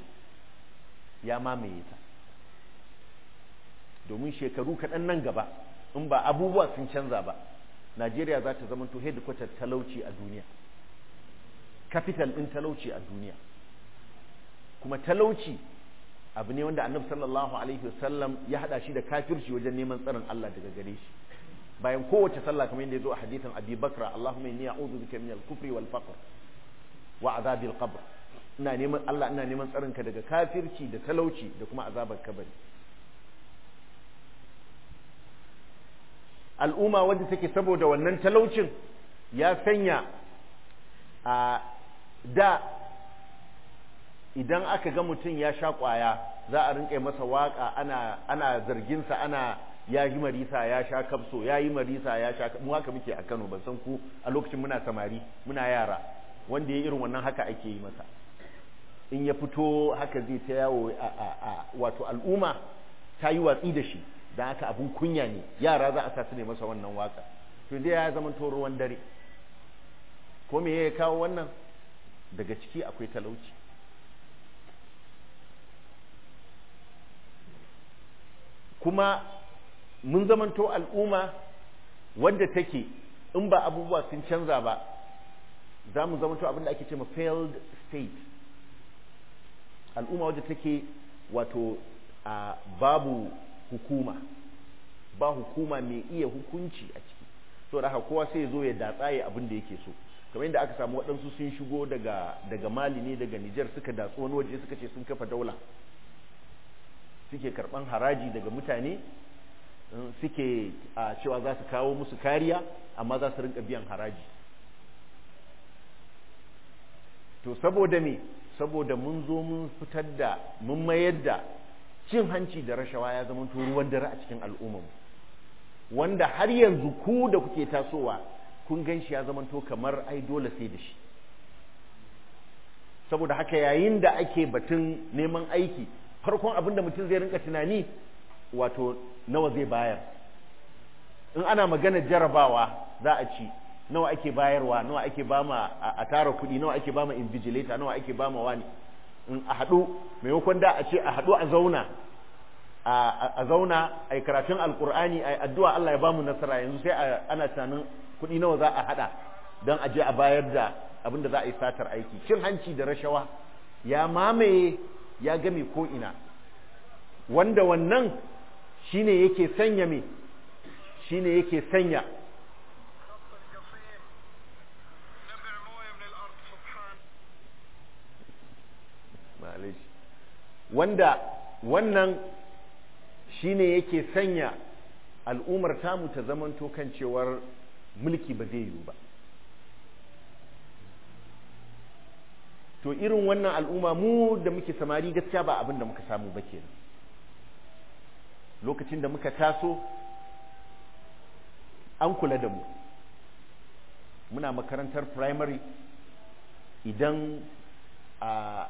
ya mamaye ta domin shekaru kaɗan nan gaba in ba abubuwa sun canza ba najeriya za ta zamanto headquarter talauci a duniya capital ɗin talauci a duniya kuma talauci abu ne wanda annabi sallallahu alaihi wasallam ya hada shi da kafirci wajen neman tsaron Allah daga gare shi bayan kowace sallah kamar yadda ya zo a hadithan Abi Bakra Allahumma inni a'udhu bika min al-kufri wal faqr wa adhabil qabr ina neman Allah ina neman tsarinka daga kafirci da talauci da kuma azabar kabari al'umma wanda take saboda wannan talaucin ya sanya a da idan aka ga mutum ya sha kwaya za a rinƙe masa waka, ana ana zarginsa ana ya yi marisa ya sha kabso, ya yi marisa ya sha mu haka muke a Kano ban san ku a lokacin muna samari muna yara wanda ya irin wannan haka ake yi masa in ya fito haka zai ta yawo a wato al'umma ta yi watsi da shi da haka abin kunya ne yara za a sa su ne masa wannan waka to dai ya zama to ruwan dare ko me ya kawo wannan daga ciki akwai talauci kuma mun zamanto al'umma wadda take in ba abubuwa sun canza ba za mu zamanto abin da ake ce ma failed state al'umma wadda take wato a babu hukuma ba hukuma mai iya hukunci a ciki so da haka kowa sai ya zo ya datsa ya abin da yake so kamar yadda aka samu waɗansu sun shigo daga daga mali ne daga nijar suka datsu wani waje suka ce sun kafa daula suke karɓan haraji daga mutane eh, suke a cewa za su kawo musu kariya amma za su rinka biyan haraji to saboda me saboda mun zo mun fitar da mun mayar da cin hanci da rashawa ya zama ruwan dare a cikin al'ummar wanda har yanzu ku da kuke tasowa kun gan shi ya zama kamar ai dole sai da shi saboda haka yayin da ake batun neman aiki farkon abin da mutum zai rinka tunani wato nawa zai bayar in ana magana jarabawa za a ci nawa ake bayarwa nawa ake bama a tara kuɗi nawa ake bama invigilator nawa ake bama wani in a haɗu maimakon da a ce a haɗu a zauna a zauna a yi karatun alkur'ani a yi addu'a Allah ya bamu nasara yanzu sai ana tunanin kuɗi nawa za a haɗa don a je a bayar da abin da za a yi satar aiki cin hanci da rashawa ya mamaye ya game ko ina wanda wannan shine yake sanya me shine yake sanya wanda wannan shine yake sanya al'ummar tamu ta zamanto kan cewar mulki ba zai yiwu ba to irin wannan al'umma mu da muke samari gaskiya ba abin da muka samu ba kenan lokacin da muka taso an kula da mu muna makarantar primary idan a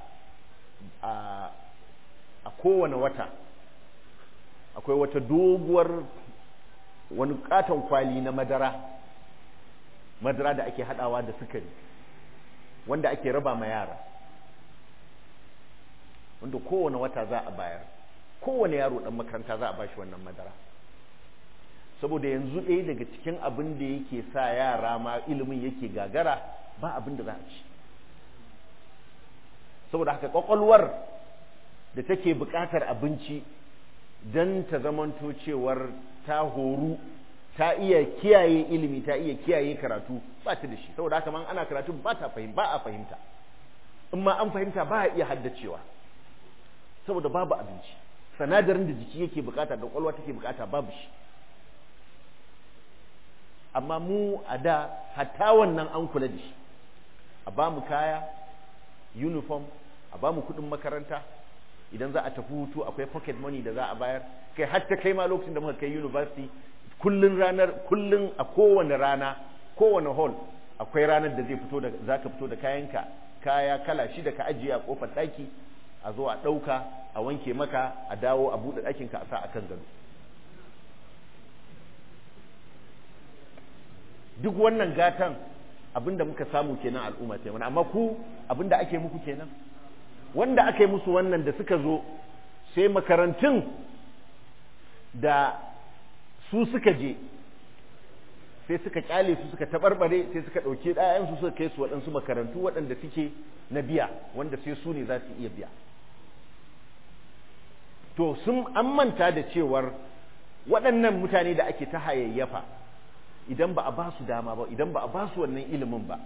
a kowane wata akwai wata doguwar wani katon kwali na madara madara da ake hadawa da sukari wanda ake raba ma yara wanda kowane wata za a bayar kowane yaro dan makaranta za a bashi wannan madara saboda yanzu ɗaya daga cikin abin da yake sa yara ma ilimin yake gagara ba abin da za a ci saboda haka kwakwalwar da take buƙatar abinci don ta zamanto cewar ta horu ta iya kiyaye ilimi ta iya kiyaye karatu ba ta da shi saboda haka man ana karatu ba ta fahim ba a fahimta in ma an fahimta ba a iya haddacewa saboda babu abinci sanadarin da jiki yake bukata da kwalwa take bukata babu shi amma mu a da hatta wannan an kula da shi a ba mu kaya uniform a ba mu kudin makaranta idan za a tafi hutu akwai pocket money da za a bayar kai hatta kai ma lokacin da muka kai university kullun ranar kullun a kowane rana kowane hall akwai ranar da zai fito da zaka fito da kayanka kaya kala shida ka ajiye a kofar daki a zo a dauka a wanke maka a dawo a bude dakin ka a sa akan gado duk wannan gatan abinda muka samu kenan al'umma ta amma ku abinda ake muku kenan wanda aka yi musu wannan da suka zo sai makarantun da su suka je sai suka kyale su suka tabarbare sai suka ɗauki ɗayansu suka kai su waɗansu makarantu waɗanda suke na biya wanda sai su ne za su iya biya to sun an manta da cewar waɗannan mutane da ake ta hayayyafa idan ba a ba su dama ba idan ba a ba su wannan ilimin ba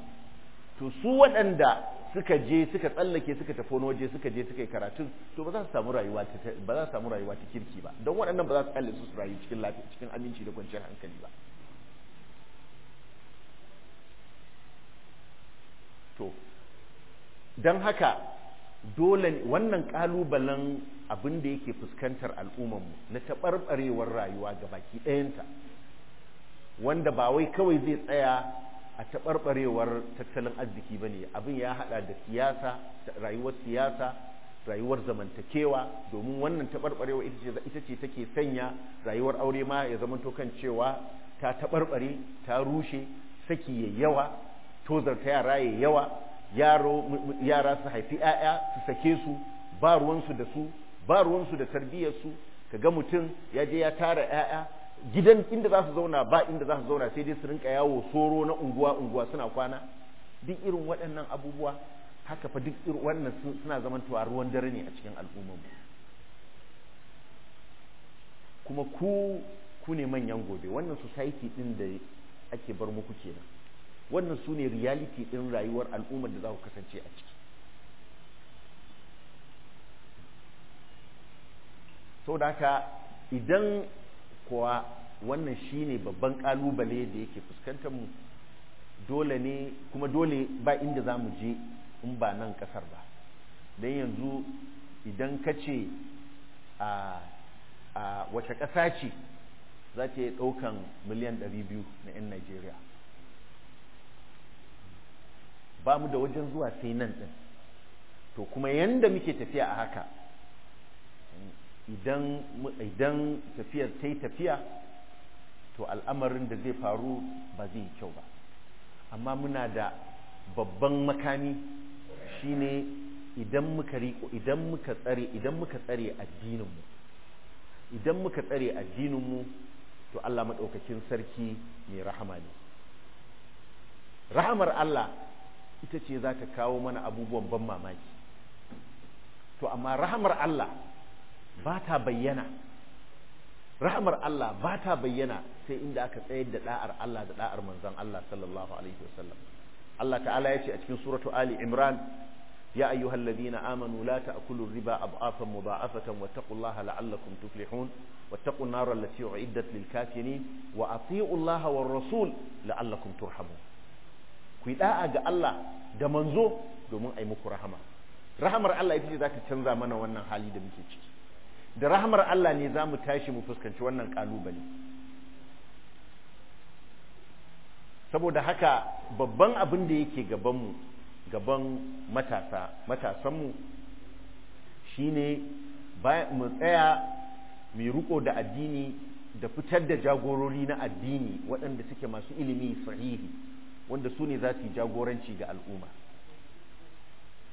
to su waɗanda suka je suka tsallake suka tafi wani waje suka je suka yi karatun to ba za su samu rayuwa ta kirki ba don waɗannan ba za su tsalle su su rayu cikin lafiya cikin aminci da kwanciyar hankali ba to don haka dole wannan kalubalen abin da yake fuskantar al'ummarmu na taɓarɓarewar rayuwa ga baki ɗayanta wanda ba wai kawai zai tsaya a taɓarɓarewar tattalin arziki ba ne abin ya haɗa da siyasa rayuwar siyasa rayuwar zamantakewa domin wannan taɓarɓarewa ita ce take sanya rayuwar aure ma ya zamanto kan cewa ta taɓarɓare ta rushe saki ya yawa tozar ta yara ya yawa yara su haifi 'ya'ya su sake su ba ruwansu da su ba ruwansu da tarbiyyarsu ka ga mutum ya je ya tara 'ya'ya gidan inda za su zauna ba inda za su zauna sai dai su rinka yawo soro na unguwa unguwa suna kwana duk irin waɗannan abubuwa haka fa duk irin wannan suna zamantowa ruwan dare ne a cikin al'ummar kuma ku ku ne manyan gobe wannan society din da ake bar muku kenan wannan su ne reality din rayuwar al'ummar da za ku kasance a ciki sau haka idan Kowa wannan shine babban kalubale da yake fuskantar mu dole ne kuma dole ba inda za mu je in ba nan kasar ba don yanzu idan ka ce a wace ƙasa ce za ta yi ɗaukan miliyan 200 na 'yan najeriya ba mu da wajen zuwa sai nan ɗin to kuma yanda muke tafiya a haka idan idan tafiyar ta yi tafiya to al'amarin da zai faru ba zai yi kyau ba amma muna da babban makami shine idan muka riko idan muka tsare idan muka tsare addininmu idan muka tsare addininmu to Allah madaukakin sarki mai rahama ne rahamar Allah ita ce za ta kawo mana abubuwan ban mamaki to amma rahamar Allah ba ta bayyana rahmar Allah ba ta bayyana sai inda aka tsayar da da'ar Allah da da'ar manzon Allah sallallahu alaihi wasallam Allah ta'ala ya ce a cikin suratu Ali Imran ya ayyuhalladhina amanu la ta'kulu riba ab'afan mudha'afatan wattaqullaha la'allakum tuflihun wattaqun nar allati u'iddat lil kafirin wa ati'u Allah war rasul la'allakum turhamun ku yi da'a ga Allah da manzo domin ai muku rahama rahamar Allah ita ce za canza mana wannan hali da muke ciki da rahmar Allah ne za mu tashi mu fuskanci wannan kalubale saboda haka babban abin da yake gabanmu gaban matasa matasanmu shine mu tsaya mai riko da addini da fitar da jagorori na addini waɗanda suke masu ilimi sahihi wanda su ne za su yi jagoranci ga al'umma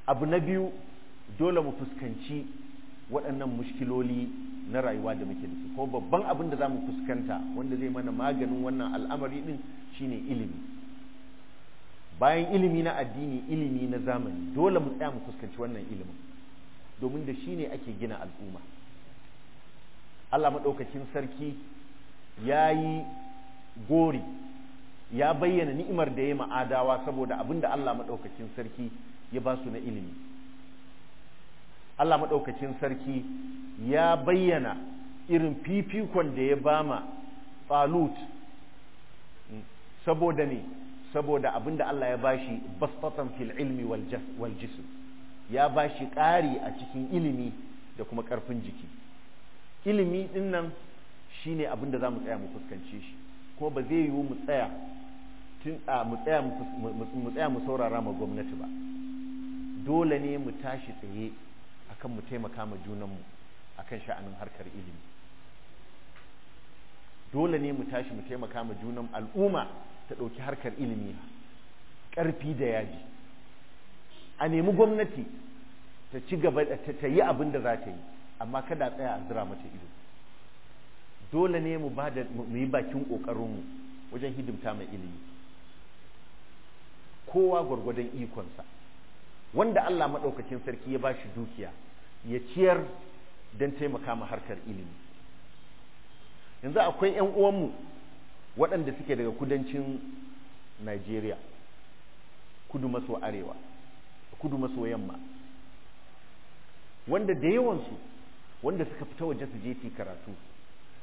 abu na biyu dole mu fuskanci waɗannan mushkiloli na rayuwa da muke da su ko babban abin da za mu fuskanta wanda zai mana maganin wannan al'amari ɗin shine ilimi bayan ilimi na addini ilimi na zamani dole mu tsaya mu fuskanci wannan ilimin domin da shi ne ake gina al'umma allah maɗaukacin sarki ya yi gori ya bayyana ni'imar da ya ma'adawa saboda abin da allah maɗaukacin sarki ya ba su na ilimi Allah maɗaukacin sarki ya bayyana irin fifikon da ya bama falut hmm. saboda ne saboda abinda Allah ya bashi bastatan fil ilmi wal jism ya bashi ƙari a cikin ilimi da kuma ƙarfin jiki ilimi din nan shine abinda za mu tsaya mu fuskance shi ko ba zai yiwu mu tsaya tun mu tsaya mu saurara ma gwamnati ba dole ne mu tashi tsaye akan mu taimaka ma junanmu akan sha'anin harkar ilimi dole ne mu tashi mu taimaka ma junan al'umma ta ɗauki harkar ilimi ƙarfi da yaji a nemi gwamnati ta ci gaba ta yi abin da za ta yi amma kada tsaya a zira mata ido dole ne mu yi bakin ƙoƙarinmu wajen hidimta mai ilimi kowa gwargwadon ikonsa wanda Allah maɗaukacin sarki ya ba shi dukiya ya ciyar don taimaka ma harkar ilimi yanzu akwai 'yan uwanmu waɗanda suke daga kudancin nigeria kudu maso arewa kudu maso yamma wanda da yawansu wanda suka fita waje su je fi karatu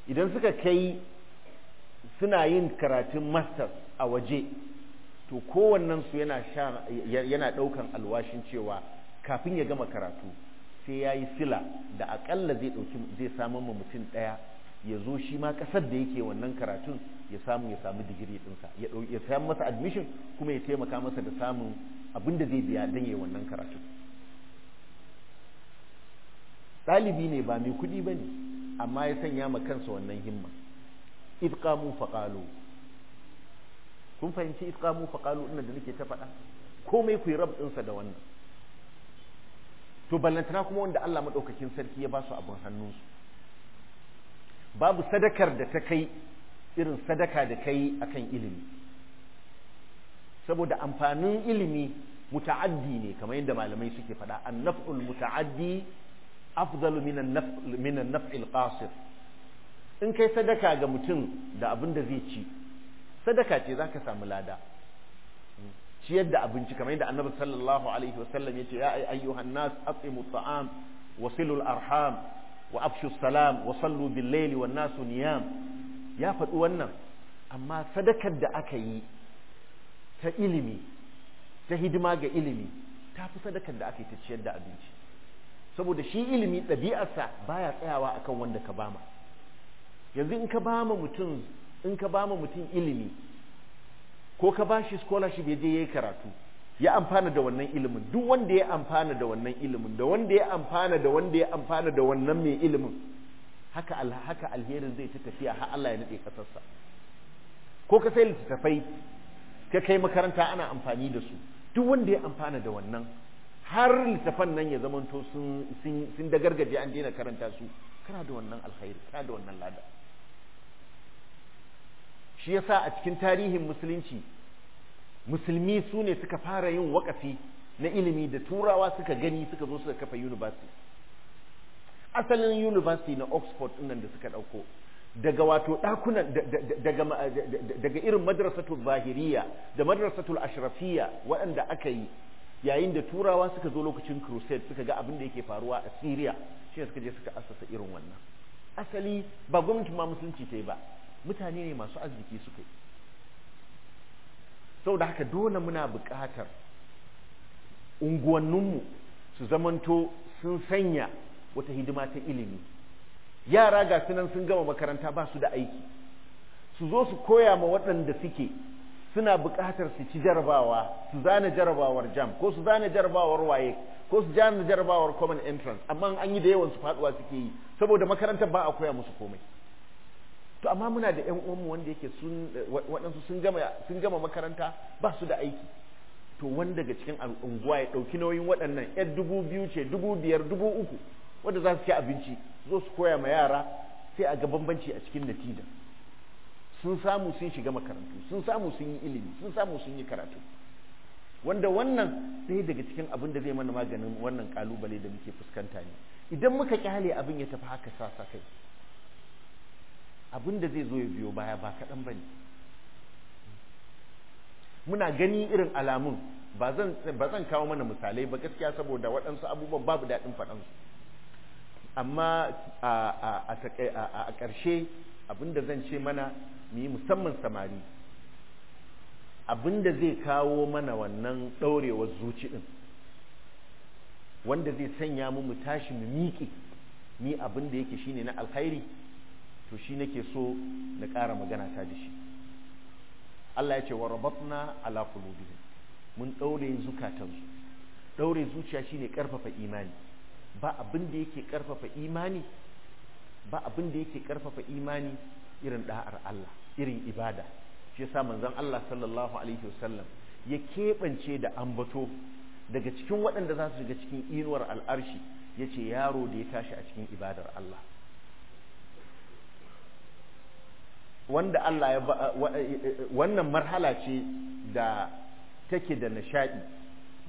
idan suka kai suna yin karatun masters a waje to kowannensu yana ɗaukan alwashin cewa kafin ya gama karatu sai ya yi sila da akalla zai ɗauki zai samun ma mutum ɗaya ya zo shi ma ƙasar da yake wannan karatun ya samu ya samu digiri ɗinsa ya samu masa admission kuma ya taimaka masa da samun abin da zai biya don ya wannan karatun ɗalibi ne ba mai kuɗi ba ne amma ya sanya ma kansa wannan himma ifqamu faƙalo kun fahimci ifqamu faƙalo ina da nake ta faɗa komai ku yi rab ɗinsa da wannan to ballantana kuma wanda Allah madaukakin sarki ya ba su abin hannunsu babu sadakar da ta kai irin sadaka da kai akan ilimi saboda amfanin ilimi muta'addi ne kamar yadda malamai suke faɗa annaf'ul muta'addi afdalu min nafil qasir in kai sadaka ga mutum da abin da zai ci sadaka ce za ka samu lada ciyar da abinci kamar yadda annabi sallallahu alaihi wasallam yace ya ayyuhan nas aqimu ta'am wa arham wa afshu salam wa sallu bil layli wan nasu niyam ya faɗi wannan amma sadakar da aka yi ta ilimi ta hidima ga ilimi ta fi sadakar da aka yi ta ciyar da abinci saboda shi ilimi ɗabi'arsa baya tsayawa akan wanda ka bama yanzu in ka bama mutum in ka bama mutum ilimi ko ka ba shi scholarship ya je ya yi karatu ya amfana da wannan ilimin duk wanda ya amfana da wannan ilimin da wanda ya amfana da wanda ya amfana da wannan mai ilimin haka haka alherin zai ta tafiya har Allah ya nade kasarsa ko ka sai littattafai ka kai makaranta ana amfani da su duk wanda ya amfana da wannan har littafan nan ya zamanto sun sun dagargaje an daina karanta su kana da wannan alkhairi kana da wannan lada shi yasa a cikin tarihin musulunci musulmi su ne suka fara yin wakafi na ilimi da turawa suka gani suka zo suka kafa university asalin university na oxford nan da suka ɗauko daga wato ɗakunan daga irin madrasatul zahiriya da madrasatul ashrafiya waɗanda aka yi yayin da turawa suka zo lokacin crusade suka ga abin da yake faruwa a syria shi ne suka je suka asasa irin wannan asali ba gwamnati ma musulunci ta yi ba mutane ne masu arziki suka yi da haka dole muna buƙatar unguwanninmu su zamanto sun sanya wata hidima ta ilimi yara ga sunan sun gama makaranta ba su da aiki su zo su koya ma waɗanda suke suna buƙatar su ci jarabawa su zana jarabawar jam ko su zana jarabawar waye ko su zana jarabawar common entrance amma an yi da yawan su faduwa suke yi saboda makarantar ba a koya musu komai to amma muna da yan uwanmu wanda yake sun waɗansu sun gama sun gama makaranta ba su da aiki to wanda daga cikin unguwa ya ɗauki nauyin waɗannan yan dubu biyu ce dubu biyar dubu uku wanda za su ci abinci zo su koya ma yara sai a ga bambanci a cikin natija sun samu sun shiga makarantu sun samu sun yi ilimi sun samu sun yi karatu wanda wannan sai daga cikin abin da zai mana maganin wannan kalubale da muke fuskanta ne idan muka kyale abin ya tafi haka sasa kai abin da zai zo ya biyo baya ba kaɗan ba ne muna gani irin alamun ba zan kawo mana misalai ba gaskiya saboda waɗansu abubuwan babu daɗin faɗansu amma a ƙarshe abin da zan ce mana mu yi musamman samari abin da zai kawo mana wannan ɗaurewar zuci ɗin wanda zai sanya mu mu tashi mu miƙe ni abin da yake shine na alkhairi to shi nake so na ƙara magana ta da shi Allah ya ce wa rabatna ala qulubihim mun daure zukatansu daure zuciya shine karfafa imani ba abin da yake karfafa imani ba abin da yake karfafa imani irin da'ar Allah irin ibada shi yasa manzon Allah sallallahu alaihi wasallam ya keɓance da ambato daga cikin waɗanda za su shiga cikin inuwar al'arshi yace yaro da ya tashi a cikin ibadar Allah wanda Allah ya eh, eh, eh, wannan marhala ce da take da nishadi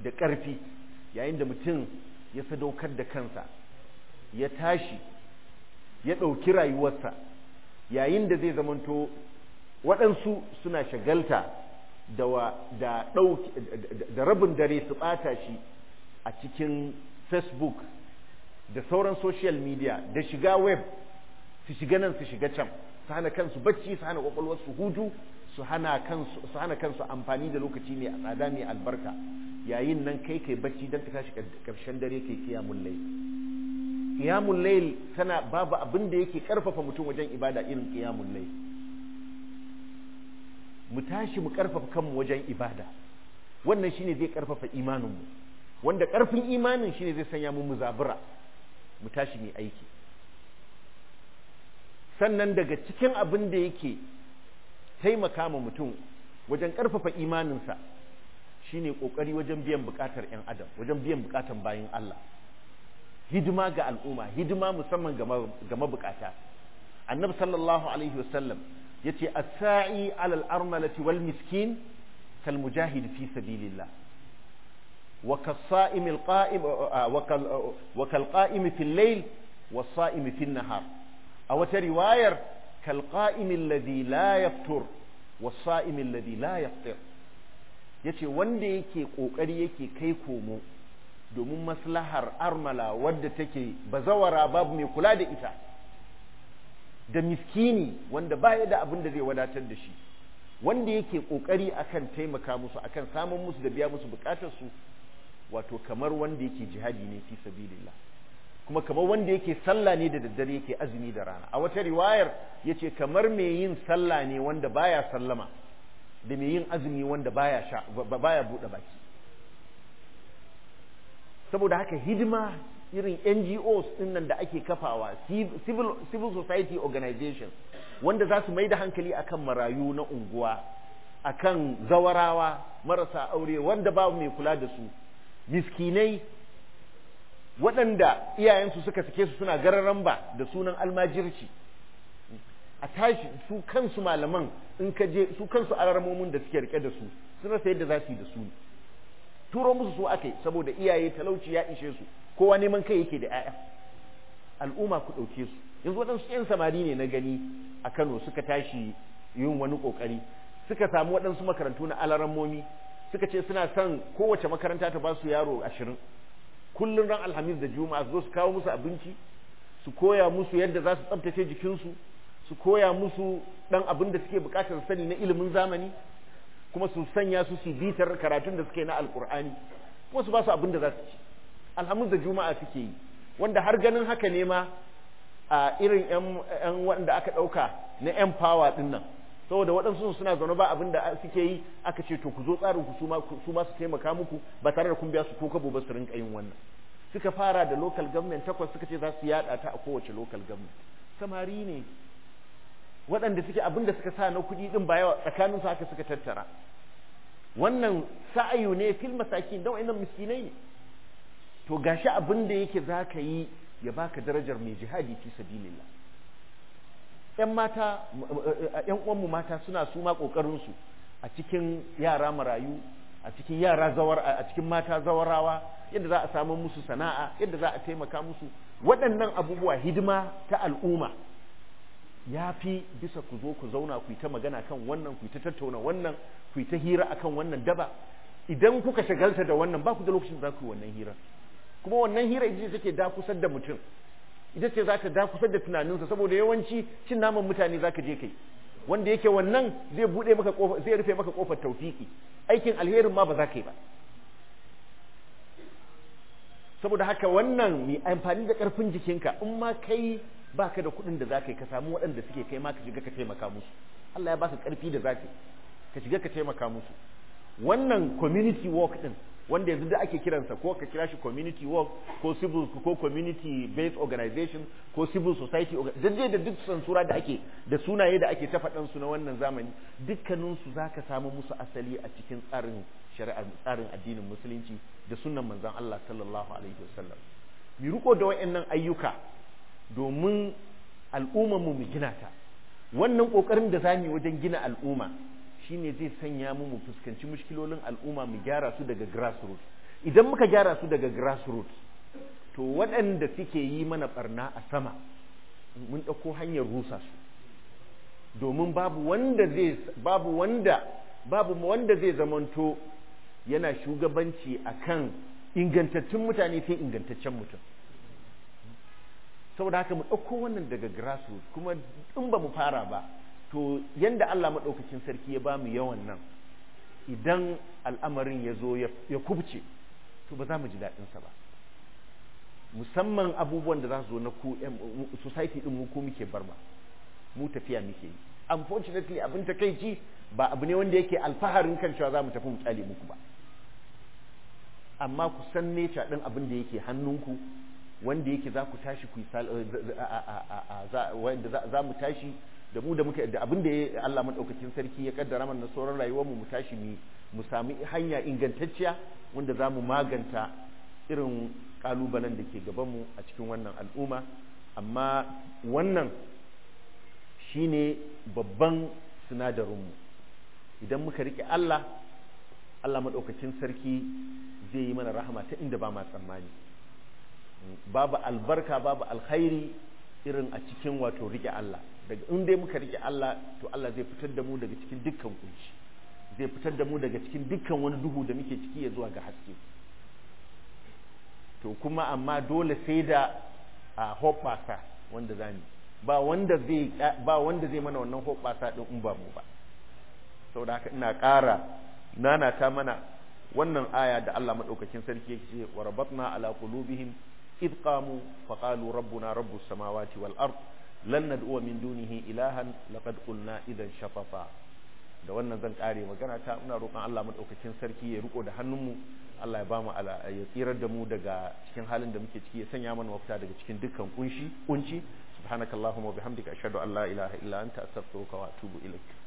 da ƙarfi yayin da mutum ya sadaukar da kansa ya tashi ya ɗauki rayuwarsa yayin da zai zamanto waɗansu suna shagalta da rabin dare su ɓata shi a cikin facebook da sauran social media da shiga web su shiga nan su shiga can su hana kansu bacci su hana kwakwalwar su hutu su hana kansu amfani da lokaci ne a tsada mai albarka yayin nan kai kai bacci dan ka tashi karshen dare kai kiyamul layl kiyamul layl tana babu abin da yake karfafa mutum wajen ibada irin kiyamul layl mu tashi mu karfafa kanmu wajen ibada wannan shine zai karfafa mu wanda karfin imanin shine zai sanya mu muzabura mu tashi mai aiki sannan daga cikin abin da yake taimaka ma mutum wajen ƙarfafa imaninsa shine ƙoƙari wajen biyan buƙatar 'yan adam wajen biyan buƙatar bayan Allah hidima ga al'umma hidima musamman ga mabukata annabi sallallahu alaihi wasallam yace as-sa'i alal armalati wal miskin kal mujahid fi sabilillah wa kas sa'im al wa kal qa'im fil layl was sa'im fil nahar a wata riwayar kalqa'im alladhi la yaftur was-sa'im alladhi la yaftir yace wanda yake kokari yake kai komo domin maslahar armala wadda take bazawara babu mai kula da ita da miskini wanda baya da abin da zai wadatar da shi wanda yake kokari akan taimaka musu akan samun musu da biya musu bukatar su wato kamar wanda yake jihadi ne fi sabilillah kuma kamar wanda yake sallah ne da daddare yake azumi da rana a wata riwayar yace kamar mai yin sallah ne wanda baya sallama da mai yin azumi wanda baya sha baya bude baki saboda haka hidima irin NGOs din nan da ake kafawa civil civil society organizations wanda za su mai da hankali akan marayu na unguwa akan zawarawa marasa aure wanda babu mai kula da su miskinai waɗanda iyayensu suka sake su suna gararan ba da sunan almajirci a tashi su kansu malaman in ka je su kansu alarmomin da suke rike da su sun rasa yadda za su yi da su turo musu su akai saboda iyaye talauci ya ishe su kowa neman kai yake da 'ya'ya al'umma ku ɗauke su yanzu waɗansu 'yan samari ne na gani a kano suka tashi yin wani ƙoƙari suka samu waɗansu makarantu na alaramomi suka ce suna son kowace makaranta ta ba su yaro ashirin kullum ran alhamis da juma'a su zo su kawo musu abinci su koya musu yadda za su tsabtace jikinsu su koya musu dan abin da suke bukatar sani na ilimin zamani kuma su sanya su su bitar karatun da suke na alkur'ani kuma su ba su abin da za su ci alhamis da juma'a suke yi wanda har ganin haka ne ma a irin yan wanda aka dauka na yan power din nan saboda waɗansu suna zaune ba abin da suke yi aka ce to ku zo tsarin ku su ma su taimaka muku ba tare da kun biya su ko kabo ba su rinka yin wannan suka fara da local government takwas suka ce za su yada ta a kowace local government samari ne waɗanda suke abin da suka sa na kuɗi din ba yawa tsakanin su haka suka tattara wannan sa'ayu ne fil masakin da nan miskinai ne to gashi abin da yake za ka yi ya baka darajar mai jihadi fi sabilillah 'yan mata eh, eh, 'yan uwanmu mata suna su ma ƙoƙarinsu a cikin yara marayu a cikin yara zawar a cikin mata zawarawa yadda za a samu musu sana'a yadda za a taimaka musu waɗannan abubuwa hidima ta al'umma ya fi bisa ku zo ku zauna ku yi ta magana kan wannan ku yi ta tattauna wannan ku yi ta hira akan wannan daba idan kuka shagalta da wannan ba ku da lokacin za ku yi wannan hira kuma wannan hira ita take da kusar da mutum ita ce ka da kusa da tunaninsa saboda yawanci cin naman mutane za ka je kai wanda yake wannan zai bude maka kofa zai rufe maka kofar taufiki aikin alherin ma ba za ka yi ba saboda haka wannan mai amfani da karfin jikinka in ma kai baka da kuɗin da za ka yi ka samu waɗanda suke kai ma ka shiga ka taimaka musu Allah ya baka karfi da za ka shiga ka taimaka musu wannan community work din wanda yanzu da ake kiransa ko ka kira shi community work ko civil ko community based organization ko civil society dai da duk sansura da ake da sunaye da ake ta faɗan su na wannan zamani dukkanin su zaka samu musu asali a cikin tsarin shari'ar tsarin addinin musulunci da sunan manzon Allah sallallahu alaihi wasallam mi riko da wayannan ayyuka domin al'ummar mu mu gina ta wannan kokarin da zamu wajen gina al'umma shine zai sanya mu mu fuskanci mushkilolin al'umma mu gyara su daga grassroots idan muka gyara su daga grassroots to waɗanda suke yi mana barna a sama mun ɗauko hanyar rusa su domin babu wanda zai babu wanda zai zamanto yana shugabanci akan ingantattun mutane sai ingantaccen mutum saboda haka mu ɗauko wannan daga grassroots kuma in ba mu fara ba to yanda Allah maɗaukacin sarki ya ba mu yawan nan idan al'amarin ya zo ya kubce to ba za mu ji daɗinsa ba musamman abubuwan da za su zo na ku society ɗin mu ko muke barma mu tafiya muke yi unfortunately abin ji ba abu ne wanda yake alfaharin kan cewa za mu tafi mu tsale muku ba amma ku san nature ɗin abin da yake hannunku wanda yake za ku tashi ku wanda za mu tashi da mu da muka da abin da ya Allah madaukakin sarki ya kaddara mana na sauran rayuwar mu mu tashi mu mu sami hanya ingantacciya wanda za mu maganta irin kalubalen da ke gaban mu a cikin wannan al'umma amma wannan shine babban sinadarinmu idan muka rike Allah Allah madaukakin sarki zai yi mana rahama ta inda ba ma tsammani babu albarka babu alkhairi irin a cikin wato rike Allah daga in dai muka rike Allah to Allah zai fitar da mu daga cikin dukkan kunci zai fitar da mu daga cikin dukkan wani duhu da muke ciki ya zuwa ga haske to kuma amma dole sai da a hoɓasa wanda zamu ba wanda zai ba wanda zai mana wannan hoɓasa din in ba mu ba saboda haka ina ƙara nana ta mana wannan aya da Allah madaukakin sarki yake ce wa rabatna ala qulubihim id qamu faqalu rabbuna rabbus samawati wal ardh lan nad'u min dunihi ilahan laqad qulna idan shafafa da wannan zan kare magana ta ina roƙon Allah madaukakin sarki ya riko da hannunmu Allah ya bamu ala ya tsirar da mu daga cikin halin da muke ciki ya sanya mana mafita daga cikin dukkan kunshi kunci subhanakallahumma wa bihamdika ashhadu an la ilaha illa anta astaghfiruka wa atubu ilaik